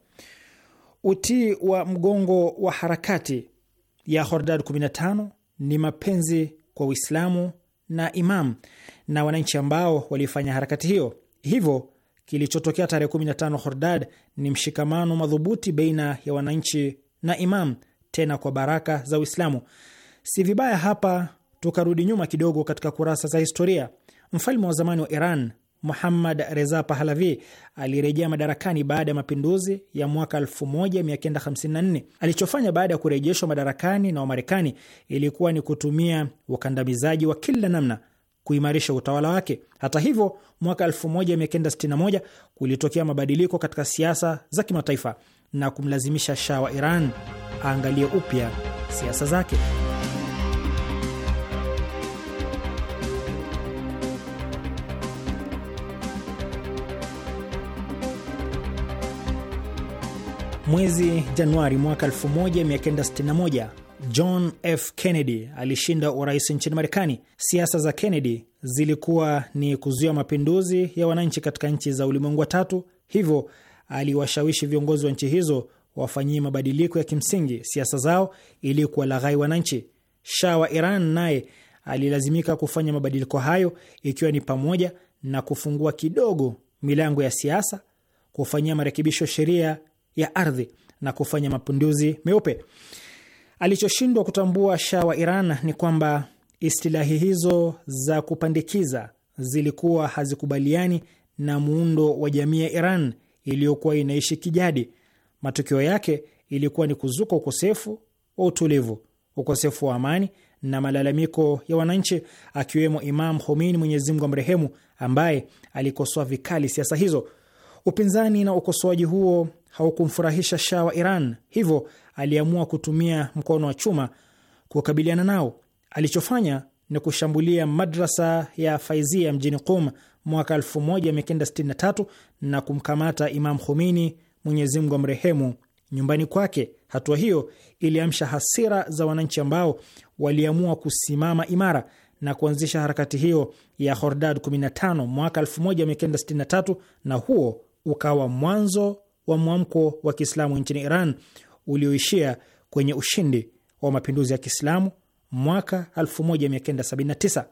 Utii wa mgongo wa harakati ya Hordad 15 ni mapenzi kwa Uislamu na imamu na wananchi ambao walifanya harakati hiyo. Hivyo kilichotokea tarehe 15 Hordad ni mshikamano madhubuti baina ya wananchi na imamu, tena kwa baraka za Uislamu. Si vibaya hapa tukarudi nyuma kidogo katika kurasa za historia. Mfalme wa zamani wa Iran Muhammad Reza Pahlavi alirejea madarakani baada ya mapinduzi ya mwaka 1954. Alichofanya baada ya kurejeshwa madarakani na Wamarekani ilikuwa ni kutumia wakandamizaji wa kila namna kuimarisha utawala wake. Hata hivyo, mwaka 1961 kulitokea mabadiliko katika siasa za kimataifa na kumlazimisha Shah wa Iran aangalie upya siasa zake. Mwezi Januari mwaka 1961 John F. Kennedy alishinda urais nchini Marekani. Siasa za Kennedy zilikuwa ni kuzuia mapinduzi ya wananchi katika nchi za ulimwengu wa tatu, hivyo aliwashawishi viongozi wa nchi hizo wafanyie mabadiliko ya kimsingi siasa zao ili kuwalaghai wananchi. Shah wa Iran naye alilazimika kufanya mabadiliko hayo, ikiwa ni pamoja na kufungua kidogo milango ya siasa, kufanyia marekebisho sheria ya ardhi na kufanya mapinduzi meupe. Alichoshindwa kutambua Shah wa Iran ni kwamba istilahi hizo za kupandikiza zilikuwa hazikubaliani na muundo wa jamii ya Iran iliyokuwa inaishi kijadi. Matokeo yake ilikuwa ni kuzuka ukosefu wa utulivu, ukosefu wa amani na malalamiko ya wananchi, akiwemo Imam Khomeini, Mwenyezi Mungu amrehemu, ambaye alikosoa vikali siasa hizo. Upinzani na ukosoaji huo haukumfurahisha Shah wa Iran, hivyo aliamua kutumia mkono wa chuma kukabiliana nao. Alichofanya ni kushambulia madrasa ya Faizia mjini Qum mwaka 1963 na kumkamata Imam Khomeini, Mwenyezi Mungu amrehemu, nyumbani kwake. Hatua hiyo iliamsha hasira za wananchi ambao waliamua kusimama imara na kuanzisha harakati hiyo ya Hordad 15 mwaka 1963, na huo ukawa mwanzo wa mwamko wa Kiislamu nchini Iran ulioishia kwenye ushindi wa mapinduzi ya Kiislamu mwaka 1979.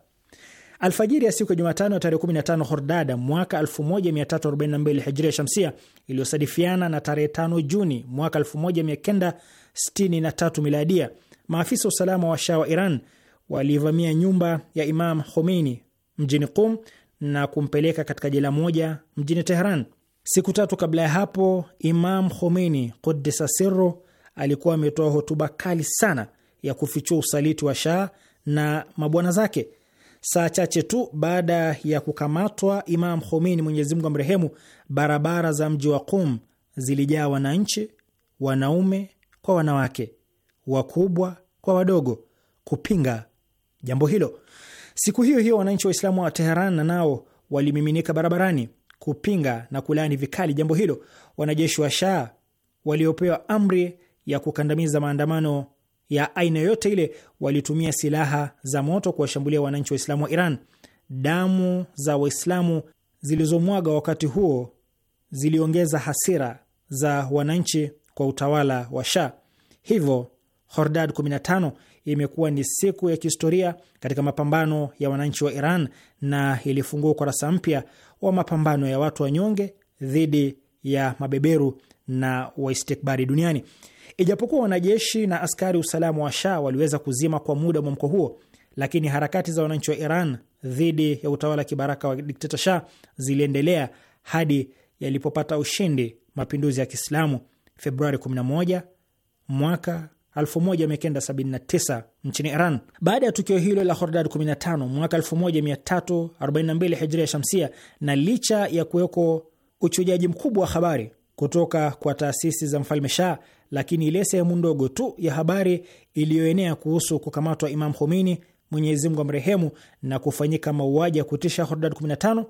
Alfajiri ya siku ya Jumatano tarehe 15 Hordada mwaka 1342 Hijria Shamsia, iliyosadifiana na tarehe 5 Juni mwaka 1963 Miladia, maafisa wa usalama wa Shah wa Iran walivamia nyumba ya Imam Khomeini mjini Qum na kumpeleka katika jela moja mjini Tehran. Siku tatu kabla ya hapo, Imam Khomeini kudisa Sirru alikuwa ametoa hotuba kali sana ya kufichua usaliti wa Shah na mabwana zake. Saa chache tu baada ya kukamatwa Imam Khomeini, Mwenyezi Mungu amrehemu, barabara za mji wa Qum zilijaa wananchi, wanaume kwa wanawake, wakubwa kwa wadogo, kupinga jambo hilo. Siku hiyo hiyo wananchi Waislamu wa Teheran nanao nao walimiminika barabarani kupinga na kulaani vikali jambo hilo. Wanajeshi wa Shah waliopewa amri ya kukandamiza maandamano ya aina yoyote ile walitumia silaha za moto kuwashambulia wananchi Waislamu wa Iran. Damu za Waislamu zilizomwaga wakati huo ziliongeza hasira za wananchi kwa utawala wa Shah. Hivyo Hordad 15 imekuwa ni siku ya kihistoria katika mapambano ya wananchi wa Iran na ilifungua ukurasa mpya wa mapambano ya watu wanyonge dhidi ya mabeberu na waistikbari duniani. Ijapokuwa wanajeshi na askari usalama wa Shah waliweza kuzima kwa muda mwamko huo, lakini harakati za wananchi wa Iran dhidi ya utawala wa kibaraka wa dikteta Shah ziliendelea hadi yalipopata ushindi mapinduzi ya Kiislamu Februari 11 mwaka 1979 nchini Iran. Baada ya tukio hilo la Hordad 15 mwaka 1342 ya shamsia, na licha ya kuweko uchujaji mkubwa wa habari kutoka kwa taasisi za mfalme Shah, lakini ile sehemu ndogo tu ya habari iliyoenea kuhusu kukamatwa Imam Khomeini, Mwenyezi Mungu amrehemu, na kufanyika mauaji ya kutisha Hordad 15,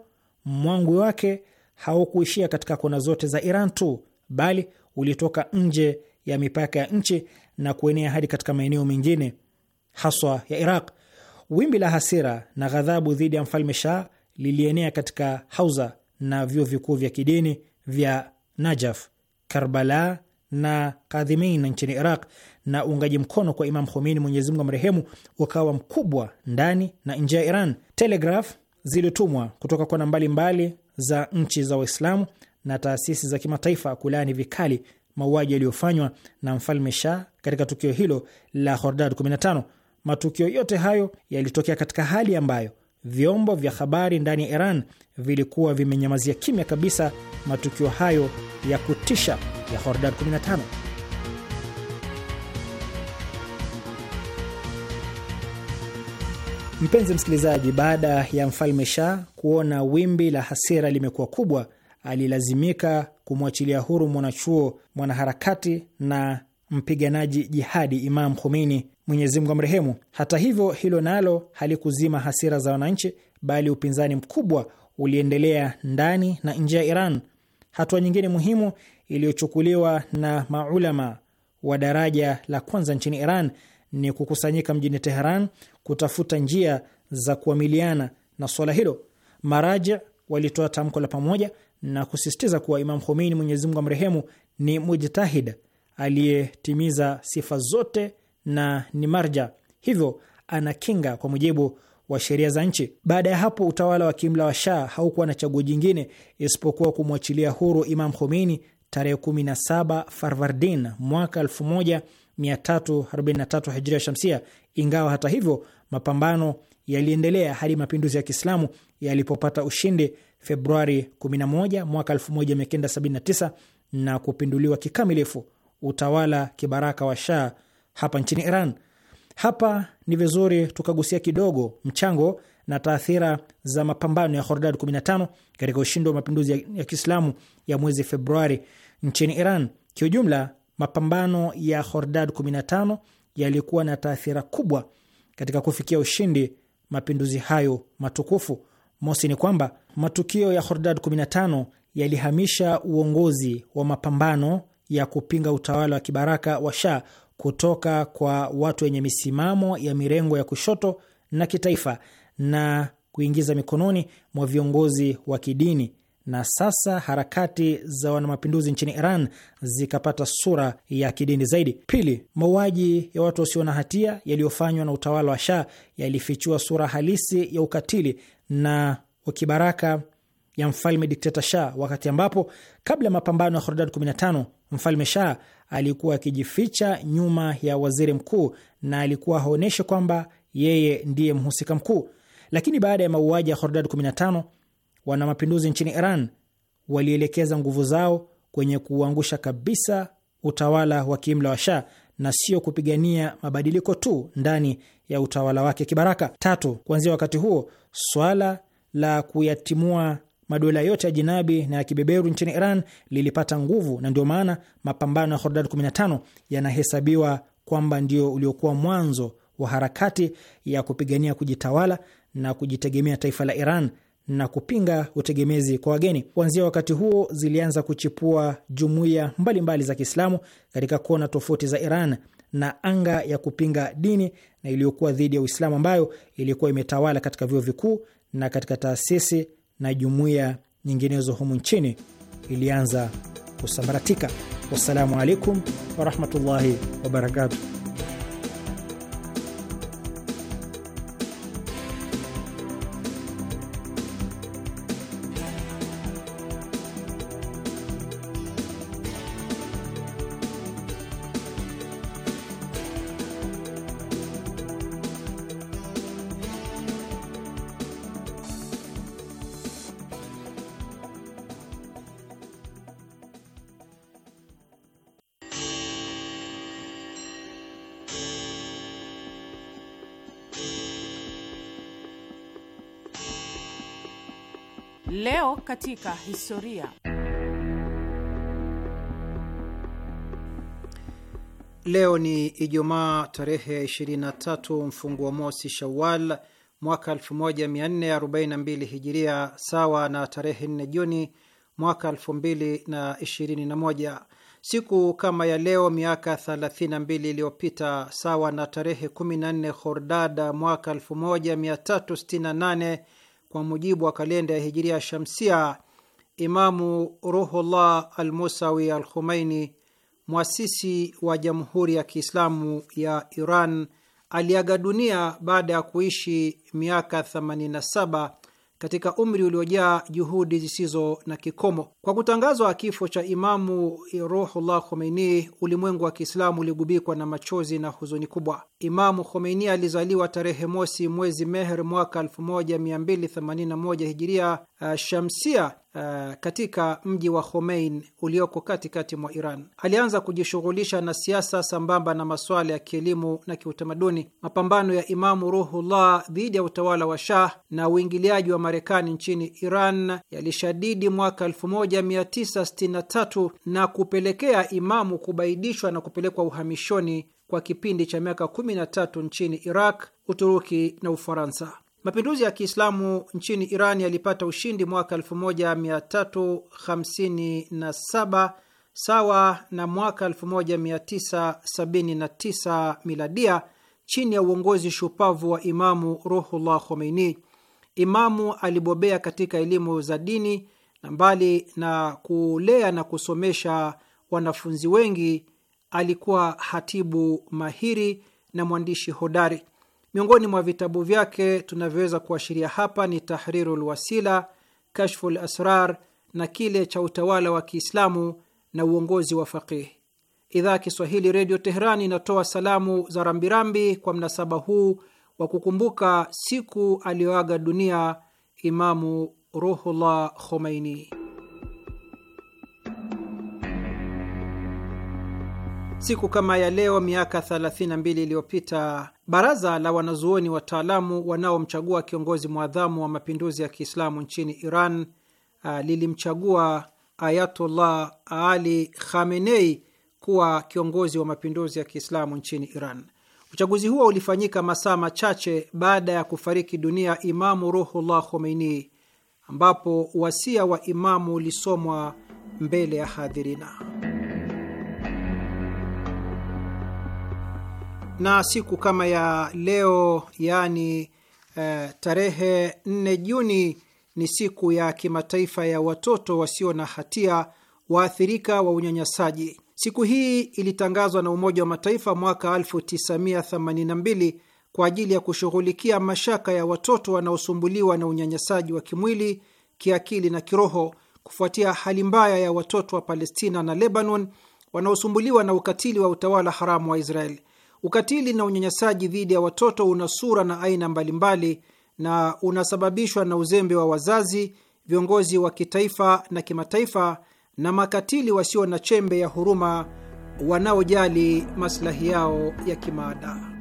mwangwi wake haukuishia katika kona zote za Iran tu, bali ulitoka nje ya mipaka ya nchi na kuenea hadi katika maeneo mengine haswa ya Iraq. Wimbi la hasira na ghadhabu dhidi ya mfalme Shah lilienea katika hauza na vyuo vikuu vya kidini vya Najaf, Karbala na Kadhimin nchini Iraq, na uungaji mkono kwa Imam Khomeini, Mwenyezi Mungu amrehemu, ukawa mkubwa ndani na nje ya Iran. Telegraf zilitumwa kutoka kona mbalimbali za nchi za Waislamu na taasisi za kimataifa kulaani vikali mauaji yaliyofanywa na mfalme Shah katika tukio hilo la Hordad 15. Matukio yote hayo yalitokea katika hali ambayo vyombo vya habari ndani ya Iran vilikuwa vimenyamazia kimya kabisa matukio hayo ya kutisha ya Hordad 15. Mpenzi msikilizaji, baada ya mfalme Shah kuona wimbi la hasira limekuwa kubwa, alilazimika kumwachilia huru mwanachuo, mwanaharakati na mpiganaji jihadi Imam Khomeini, Mwenyezi Mungu amrehemu. Hata hivyo, hilo nalo halikuzima hasira za wananchi, bali upinzani mkubwa uliendelea ndani na nje ya Iran. Hatua nyingine muhimu iliyochukuliwa na maulama wa daraja la kwanza nchini Iran ni kukusanyika mjini Teheran kutafuta njia za kuamiliana na swala hilo. Maraji walitoa tamko la pamoja na kusisitiza kuwa Imam Khomeini, Mwenyezi Mungu amrehemu, ni mujtahid aliyetimiza sifa zote na ni marja, hivyo ana kinga kwa mujibu wa sheria za nchi. Baada ya hapo, utawala wa kimla wa Shah haukuwa na chaguo jingine isipokuwa kumwachilia huru Imam Khomeini tarehe 17 Farvardin mwaka 1343 Hijria Shamsia, ingawa hata hivyo mapambano yaliendelea hadi mapinduzi ya Kiislamu yalipopata ushindi Februari 11 mwaka 1979 na kupinduliwa kikamilifu utawala kibaraka wa Shah hapa nchini Iran. Hapa ni vizuri tukagusia kidogo mchango na taathira za mapambano ya Hordad 15 katika ushindi wa mapinduzi ya Kiislamu ya mwezi Februari nchini Iran. Kiujumla, mapambano ya Hordad 15 yalikuwa na taathira kubwa katika kufikia ushindi mapinduzi hayo matukufu. Mosi ni kwamba matukio ya Hordad 15 yalihamisha uongozi wa mapambano ya kupinga utawala wa kibaraka wa Shah kutoka kwa watu wenye misimamo ya mirengo ya kushoto na kitaifa na kuingiza mikononi mwa viongozi wa kidini, na sasa harakati za wanamapinduzi nchini Iran zikapata sura ya kidini zaidi. Pili, mauaji ya watu wasio na hatia yaliyofanywa na utawala wa Shah yalifichua sura halisi ya ukatili na wakibaraka ya mfalme dikteta Shah, wakati ambapo kabla ya mapambano ya Khordad 15 mfalme Shah alikuwa akijificha nyuma ya waziri mkuu na alikuwa haonyeshe kwamba yeye ndiye mhusika mkuu. Lakini baada ya mauaji ya Khordad 15 wana mapinduzi nchini Iran walielekeza nguvu zao kwenye kuuangusha kabisa utawala wa kiimla wa Shah na sio kupigania mabadiliko tu ndani ya utawala wake kibaraka. Tatu, kuanzia wakati huo swala la kuyatimua madola yote ya jinabi na ya kibeberu nchini Iran lilipata nguvu, na ndio maana mapambano ya Hordad 15 yanahesabiwa kwamba ndio uliokuwa mwanzo wa harakati ya kupigania kujitawala na kujitegemea taifa la Iran na kupinga utegemezi kwa wageni. Kuanzia wakati huo zilianza kuchipua jumuiya mbalimbali za Kiislamu katika kona tofauti za Iran na anga ya kupinga dini na iliyokuwa dhidi ya Uislamu ambayo ilikuwa imetawala katika vyuo vikuu na katika taasisi na jumuiya nyinginezo humu nchini ilianza kusambaratika. Wassalamu alaikum warahmatullahi wabarakatuh. katika historia. Leo ni Ijumaa tarehe 23 mfungu wa mosi Shawal mwaka 1442 Hijiria, sawa na tarehe 4 Juni mwaka 2021. Siku kama ya leo miaka 32 iliyopita, sawa na tarehe 14 Khordada mwaka 1368 kwa mujibu wa kalenda ya hijiria shamsia, Imamu Ruhullah al musawi Al Khumaini, mwasisi wa Jamhuri ya Kiislamu ya Iran, aliaga dunia baada ya kuishi miaka katika umri uliojaa juhudi zisizo na kikomo. Kwa kutangazwa kifo cha Imamu Ruhullah Khomeini, ulimwengu wa Kiislamu uligubikwa na machozi na huzuni kubwa. Imamu Khomeini alizaliwa tarehe mosi mwezi Meher mwaka 1281 hijiria uh, shamsia uh, katika mji wa Khomein ulioko katikati mwa Iran. Alianza kujishughulisha na siasa sambamba na masuala ya kielimu na kiutamaduni. Mapambano ya Imamu Ruhullah dhidi ya utawala wa Shah na uingiliaji wa Marekani nchini Iran yalishadidi mwaka 1963 na kupelekea Imamu kubaidishwa na kupelekwa uhamishoni kwa kipindi cha miaka 13 nchini Iraq, Uturuki na Ufaransa. Mapinduzi ya Kiislamu nchini Iran yalipata ushindi mwaka 1357 sawa na mwaka 1979 miladia chini ya uongozi shupavu wa Imamu Ruhullah Khomeini. Imamu alibobea katika elimu za dini na mbali na kulea na kusomesha wanafunzi wengi, alikuwa hatibu mahiri na mwandishi hodari. Miongoni mwa vitabu vyake tunavyoweza kuashiria hapa ni Tahriru Lwasila, Kashfu Lasrar na kile cha utawala wa Kiislamu na uongozi wa faqihi. Idhaa ya Kiswahili Redio Teheran inatoa salamu za rambirambi kwa mnasaba huu wa kukumbuka siku aliyoaga dunia Imamu Ruhullah Khomeini. Siku kama ya leo miaka 32 iliyopita baraza la wanazuoni wataalamu wanaomchagua kiongozi mwadhamu wa mapinduzi ya Kiislamu nchini Iran uh, lilimchagua Ayatullah Ali Khamenei kuwa kiongozi wa mapinduzi ya Kiislamu nchini Iran. Uchaguzi huo ulifanyika masaa machache baada ya kufariki dunia Imamu Ruhullah Khomeini, ambapo wasia wa Imamu ulisomwa mbele ya hadhirina. na siku kama ya leo yaani eh, tarehe 4 Juni ni siku ya kimataifa ya watoto wasio na hatia waathirika wa unyanyasaji. Siku hii ilitangazwa na Umoja wa Mataifa mwaka 1982 kwa ajili ya kushughulikia mashaka ya watoto wanaosumbuliwa na unyanyasaji wa kimwili, kiakili na kiroho kufuatia hali mbaya ya watoto wa Palestina na Lebanon wanaosumbuliwa na ukatili wa utawala haramu wa Israeli. Ukatili na unyanyasaji dhidi ya watoto una sura na aina mbalimbali na unasababishwa na uzembe wa wazazi, viongozi wa kitaifa na kimataifa, na makatili wasio na chembe ya huruma wanaojali maslahi yao ya kimaada.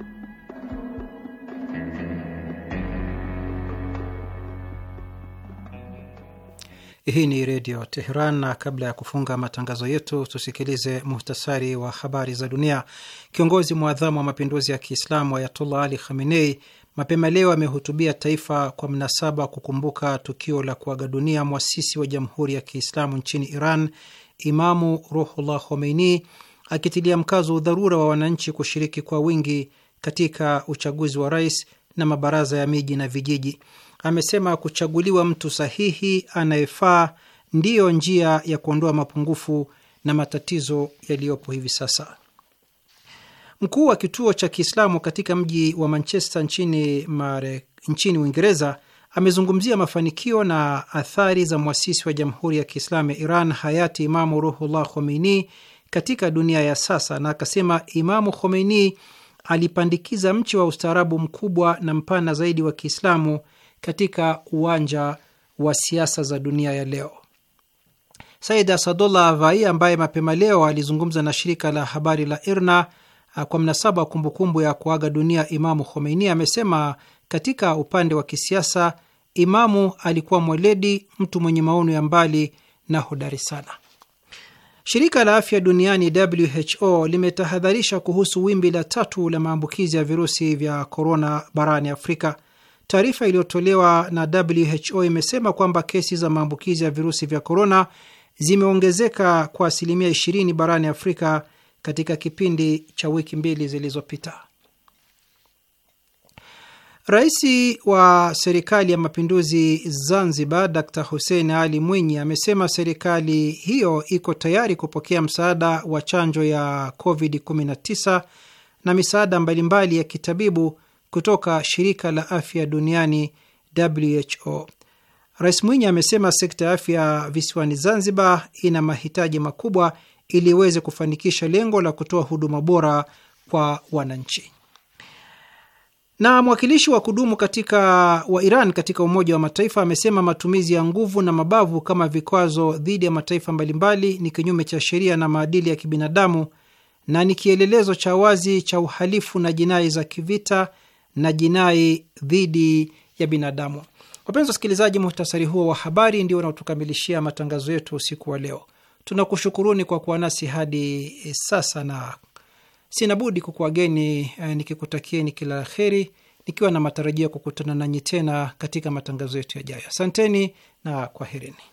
Hii ni Redio Teheran, na kabla ya kufunga matangazo yetu tusikilize muhtasari wa habari za dunia. Kiongozi mwadhamu wa mapinduzi ya Kiislamu Ayatullah Ali Khamenei mapema leo amehutubia taifa kwa mnasaba kukumbuka tukio la kuaga dunia mwasisi wa jamhuri ya Kiislamu nchini Iran, Imamu Ruhullah Khomeini, akitilia mkazo udharura wa wananchi kushiriki kwa wingi katika uchaguzi wa rais na mabaraza ya miji na vijiji amesema kuchaguliwa mtu sahihi anayefaa ndiyo njia ya kuondoa mapungufu na matatizo yaliyopo hivi sasa. Mkuu wa kituo cha Kiislamu katika mji wa Manchester nchini mare, nchini Uingereza amezungumzia mafanikio na athari za mwasisi wa Jamhuri ya Kiislamu ya Iran hayati Imamu Ruhullah Khomeini katika dunia ya sasa, na akasema Imamu Khomeini alipandikiza mchi wa ustaarabu mkubwa na mpana zaidi wa Kiislamu katika uwanja wa siasa za dunia ya leo. Said Asadullah Avai ambaye mapema leo alizungumza na shirika la habari la IRNA ah, kwa mnasaba wa kumbukumbu ya kuaga dunia Imamu Khomeini amesema katika upande wa kisiasa, Imamu alikuwa mweledi, mtu mwenye maono ya mbali na hodari sana. Shirika la afya duniani WHO limetahadharisha kuhusu wimbi la tatu la maambukizi ya virusi vya korona barani Afrika. Taarifa iliyotolewa na WHO imesema kwamba kesi za maambukizi ya virusi vya korona zimeongezeka kwa asilimia 20 barani Afrika katika kipindi cha wiki mbili zilizopita. Rais wa serikali ya mapinduzi Zanzibar, Dr Hussein Ali Mwinyi amesema serikali hiyo iko tayari kupokea msaada wa chanjo ya COVID-19 na misaada mbalimbali ya kitabibu kutoka shirika la afya duniani WHO. Rais Mwinyi amesema sekta ya afya visiwani Zanzibar ina mahitaji makubwa ili iweze kufanikisha lengo la kutoa huduma bora kwa wananchi. Na mwakilishi wa kudumu katika wa Iran katika Umoja wa Mataifa amesema matumizi ya nguvu na mabavu kama vikwazo dhidi ya mataifa mbalimbali ni kinyume cha sheria na maadili ya kibinadamu na ni kielelezo cha wazi cha uhalifu na jinai za kivita na jinai dhidi ya binadamu. Wapenzi wasikilizaji, muhtasari huo wa habari ndio unaotukamilishia matangazo yetu usiku wa leo. Tunakushukuruni kwa kuwa nasi hadi sasa, na sina budi kukuageni eh, nikikutakieni kila la heri, nikiwa na matarajio ya kukutana nanyi tena katika matangazo yetu yajayo. Asanteni na kwaherini.